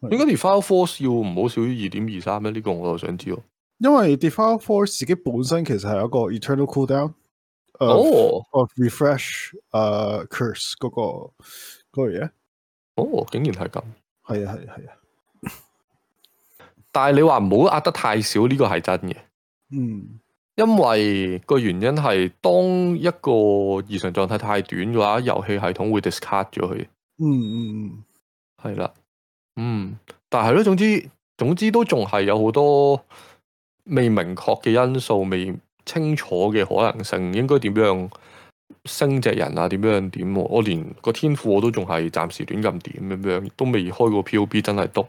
應該 default force 要唔好少於二點二三咩？呢個我又想知哦。因為 default force 自己本身其實係一個 eternal cooldown，誒，哦，refresh 誒，curse 嗰個嗰嘢,哦，竟然係咁，係啊，係啊，係啊。但係你話唔好壓得太少，呢個係真嘅。嗯，因為個原因係當一個異常狀態太短嘅話，遊戲系統會 discard 咗佢。嗯嗯嗯，係啦。嗯，但係咧，總之總之都仲係有好多未明確嘅因素，未清楚嘅可能性，應該點樣升隻人啊？點樣點？我連個天賦我都仲係暫時亂咁點咁樣，都未開過 POB 真係篤，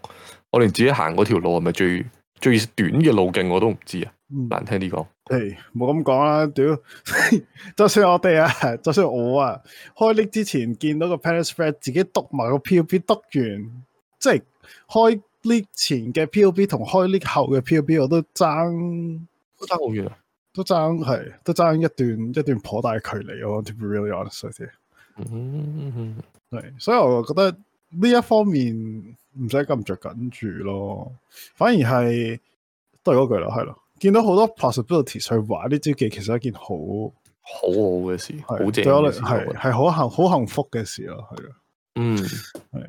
我連自己行嗰條路係咪最最短嘅路徑我都唔知啊！嗯、難聽啲、這、講、個，係冇咁講啦，屌！就， 就算我哋啊，就算我啊，開 league 之前見到個 Panther Spread 自己篤埋個 POB 篤完。即係開 league 前嘅 PoB 同開 league 後嘅 PoB，我都爭都爭好遠啊，都爭係都爭一段一段頗大嘅距離。我 to be really honest with you，係、mm hmm.，所以我覺得呢一方面唔使咁着緊住咯，反而係都係嗰句啦，係咯，見到好多 possibilities 去玩呢招技，其實係一件好好好嘅事，好正嘅事，係係好幸好幸福嘅事咯，係咯，嗯係。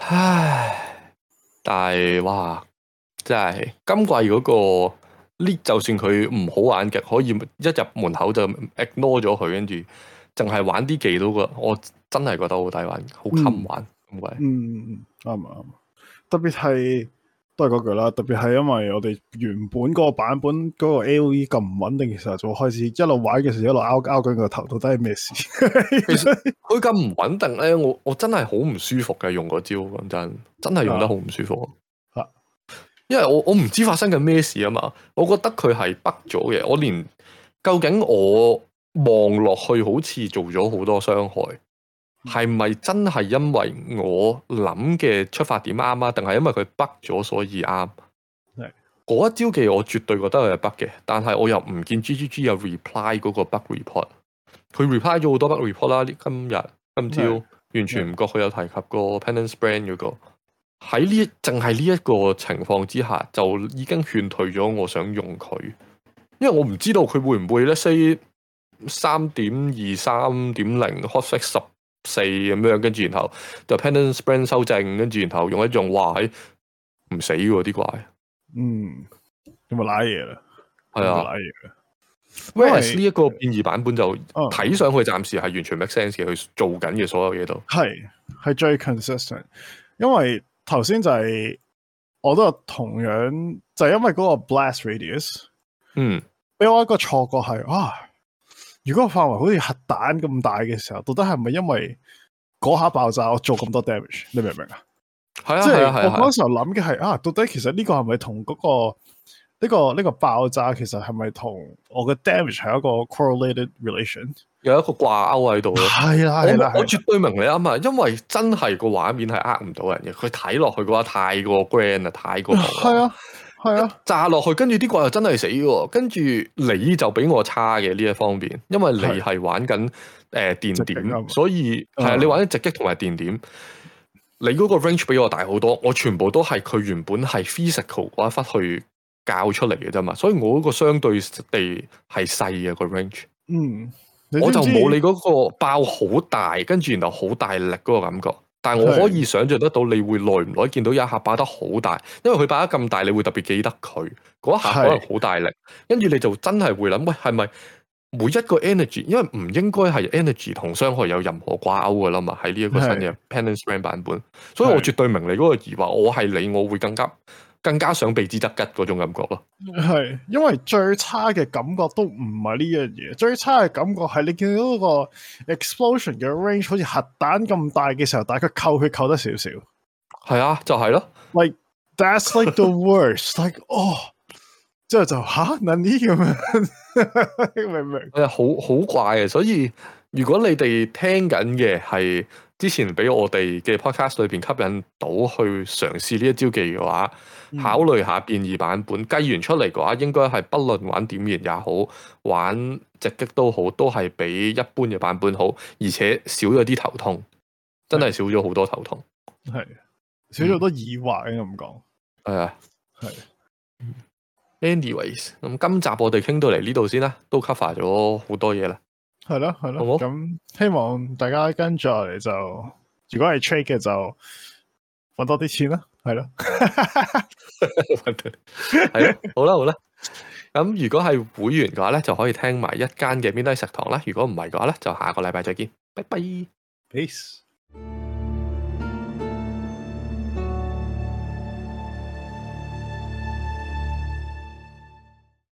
唉，但係哇，真係今季嗰個呢，就算佢唔好玩嘅，可以一入門口就 ignore 咗佢，跟住淨係玩啲技都個，我真係覺得好抵玩，好襟玩，唔該。嗯，啱唔啱？特別係。都係嗰句啦，特別係因為我哋原本嗰個版本嗰個 AoE 咁唔穩定嘅時候，就開始一路玩嘅時候一路拗拗緊個頭，到底係咩事？佢咁唔穩定咧，我我真係好唔舒服嘅，用個招講真的，真係用得好唔舒服啊！因為我我唔知發生緊咩事啊嘛，我覺得佢係北咗嘅，我連究竟我望落去好似做咗好多傷害。係咪真係因為我諗嘅出發點啱啊？定係因為佢 bug 咗所以啱？係嗰一招，嘅我絕對覺得佢係 bug 嘅。但係我又唔見 G G G 有 reply 嗰個 bug report。佢 reply 咗好多 bug report 啦。今日今朝完全唔覺佢有提及過 Penance Brand 嗰、嗰個喺呢，淨係呢一個情況之下就已經勸退咗我想用佢，因為我唔知道佢會唔會咧 say 三點二三點零 hotfix。四咁樣，跟住然後就 pendant sprint 修正，跟住然後用一種哇，唔、欸、死喎啲怪，嗯，咁咪瀨嘢啦，係啊的，威斯呢一個變異版本就睇為上去暫時係完全 make sense 嘅，去、哦、做緊嘅所有嘢都係係最 consistent，因為頭先就係、是、我都同樣就係、因為嗰個 blast radius，嗯，俾我一個錯覺係啊。如果個範圍好似核彈咁大嘅時候，到底係咪因為嗰下爆炸我做咁多 damage？你明唔明啊？即係是、啊啊、我嗰時候諗嘅係啊，到底其實呢個係咪同嗰個呢、呢個呢、呢個爆炸其實係咪同我嘅 damage 係一個 correlated relation？有一個掛鈎喺度咯。係啦係啦，我絕對明你諗啊，啊，因為真係個畫面係呃唔到人嘅，佢睇落去嘅話太過 grand 太過，bon、啊，太過。係啊。係啊，炸落去，跟住啲怪又真係死喎。跟住你就比我差嘅呢一方面，因為你係玩緊誒是、呃、電點，擊所以係啊、嗯，你玩緊直擊同埋電點，嗯、你嗰個 range 比我大好多。我全部都係佢原本係 physical 一忽去教出嚟嘅啫嘛，所以我嗰個相對地係細嘅個 range。嗯，知知我就冇你嗰個爆好大，跟住然後好大力嗰個感覺。但係我可以想象得到，你會耐唔耐見到有一下擺得好大，因為佢擺得咁大，你會特別記得佢嗰一下可能好大力，跟住是你就真係會諗，喂係咪每一個 energy？因為唔應該係 energy 同傷害有任何掛鈎噶啦嘛？喺呢一個新嘅 Penance Brand 版本，是所以我絕對明你嗰個疑惑，我係你我會更加。更加想避之則吉嗰種感覺咯，係因為最差嘅感覺都唔係呢樣嘢，最差嘅感覺係你見到個 explosion 嘅 range 好似核彈咁大嘅時候，大概扣血扣得少少，係啊，就係、是、咯，like that's like the worst，like 哦、oh,，之後就吓 nani 咁樣， 明唔明？係好好怪啊。所以如果你哋聽緊嘅係之前俾我哋嘅 podcast 裏邊吸引到去嘗試呢一招技嘅話。嗯、考慮下變異版本，計完出嚟嘅話，應該係不論玩點元也好，玩直擊都好，都係比一般嘅版本好，而且少咗啲頭痛，是真係少咗好多頭痛。係少咗好多疑惑，應該咁講。係啊的，係的。anyways 咁的今集我哋傾到嚟呢度先啦，都 cover 咗好多嘢啦。係咯，係咯，好。咁希望大家跟住落嚟，就，如果係 trade 嘅就，揾多啲錢啦。係咯，係咯是， 好啦好啦。咁如果係會員嘅話咧，就可以聽埋一間嘅 Midnight 食堂啦。如果唔係嘅話咧，就下個禮拜再見。拜拜，peace。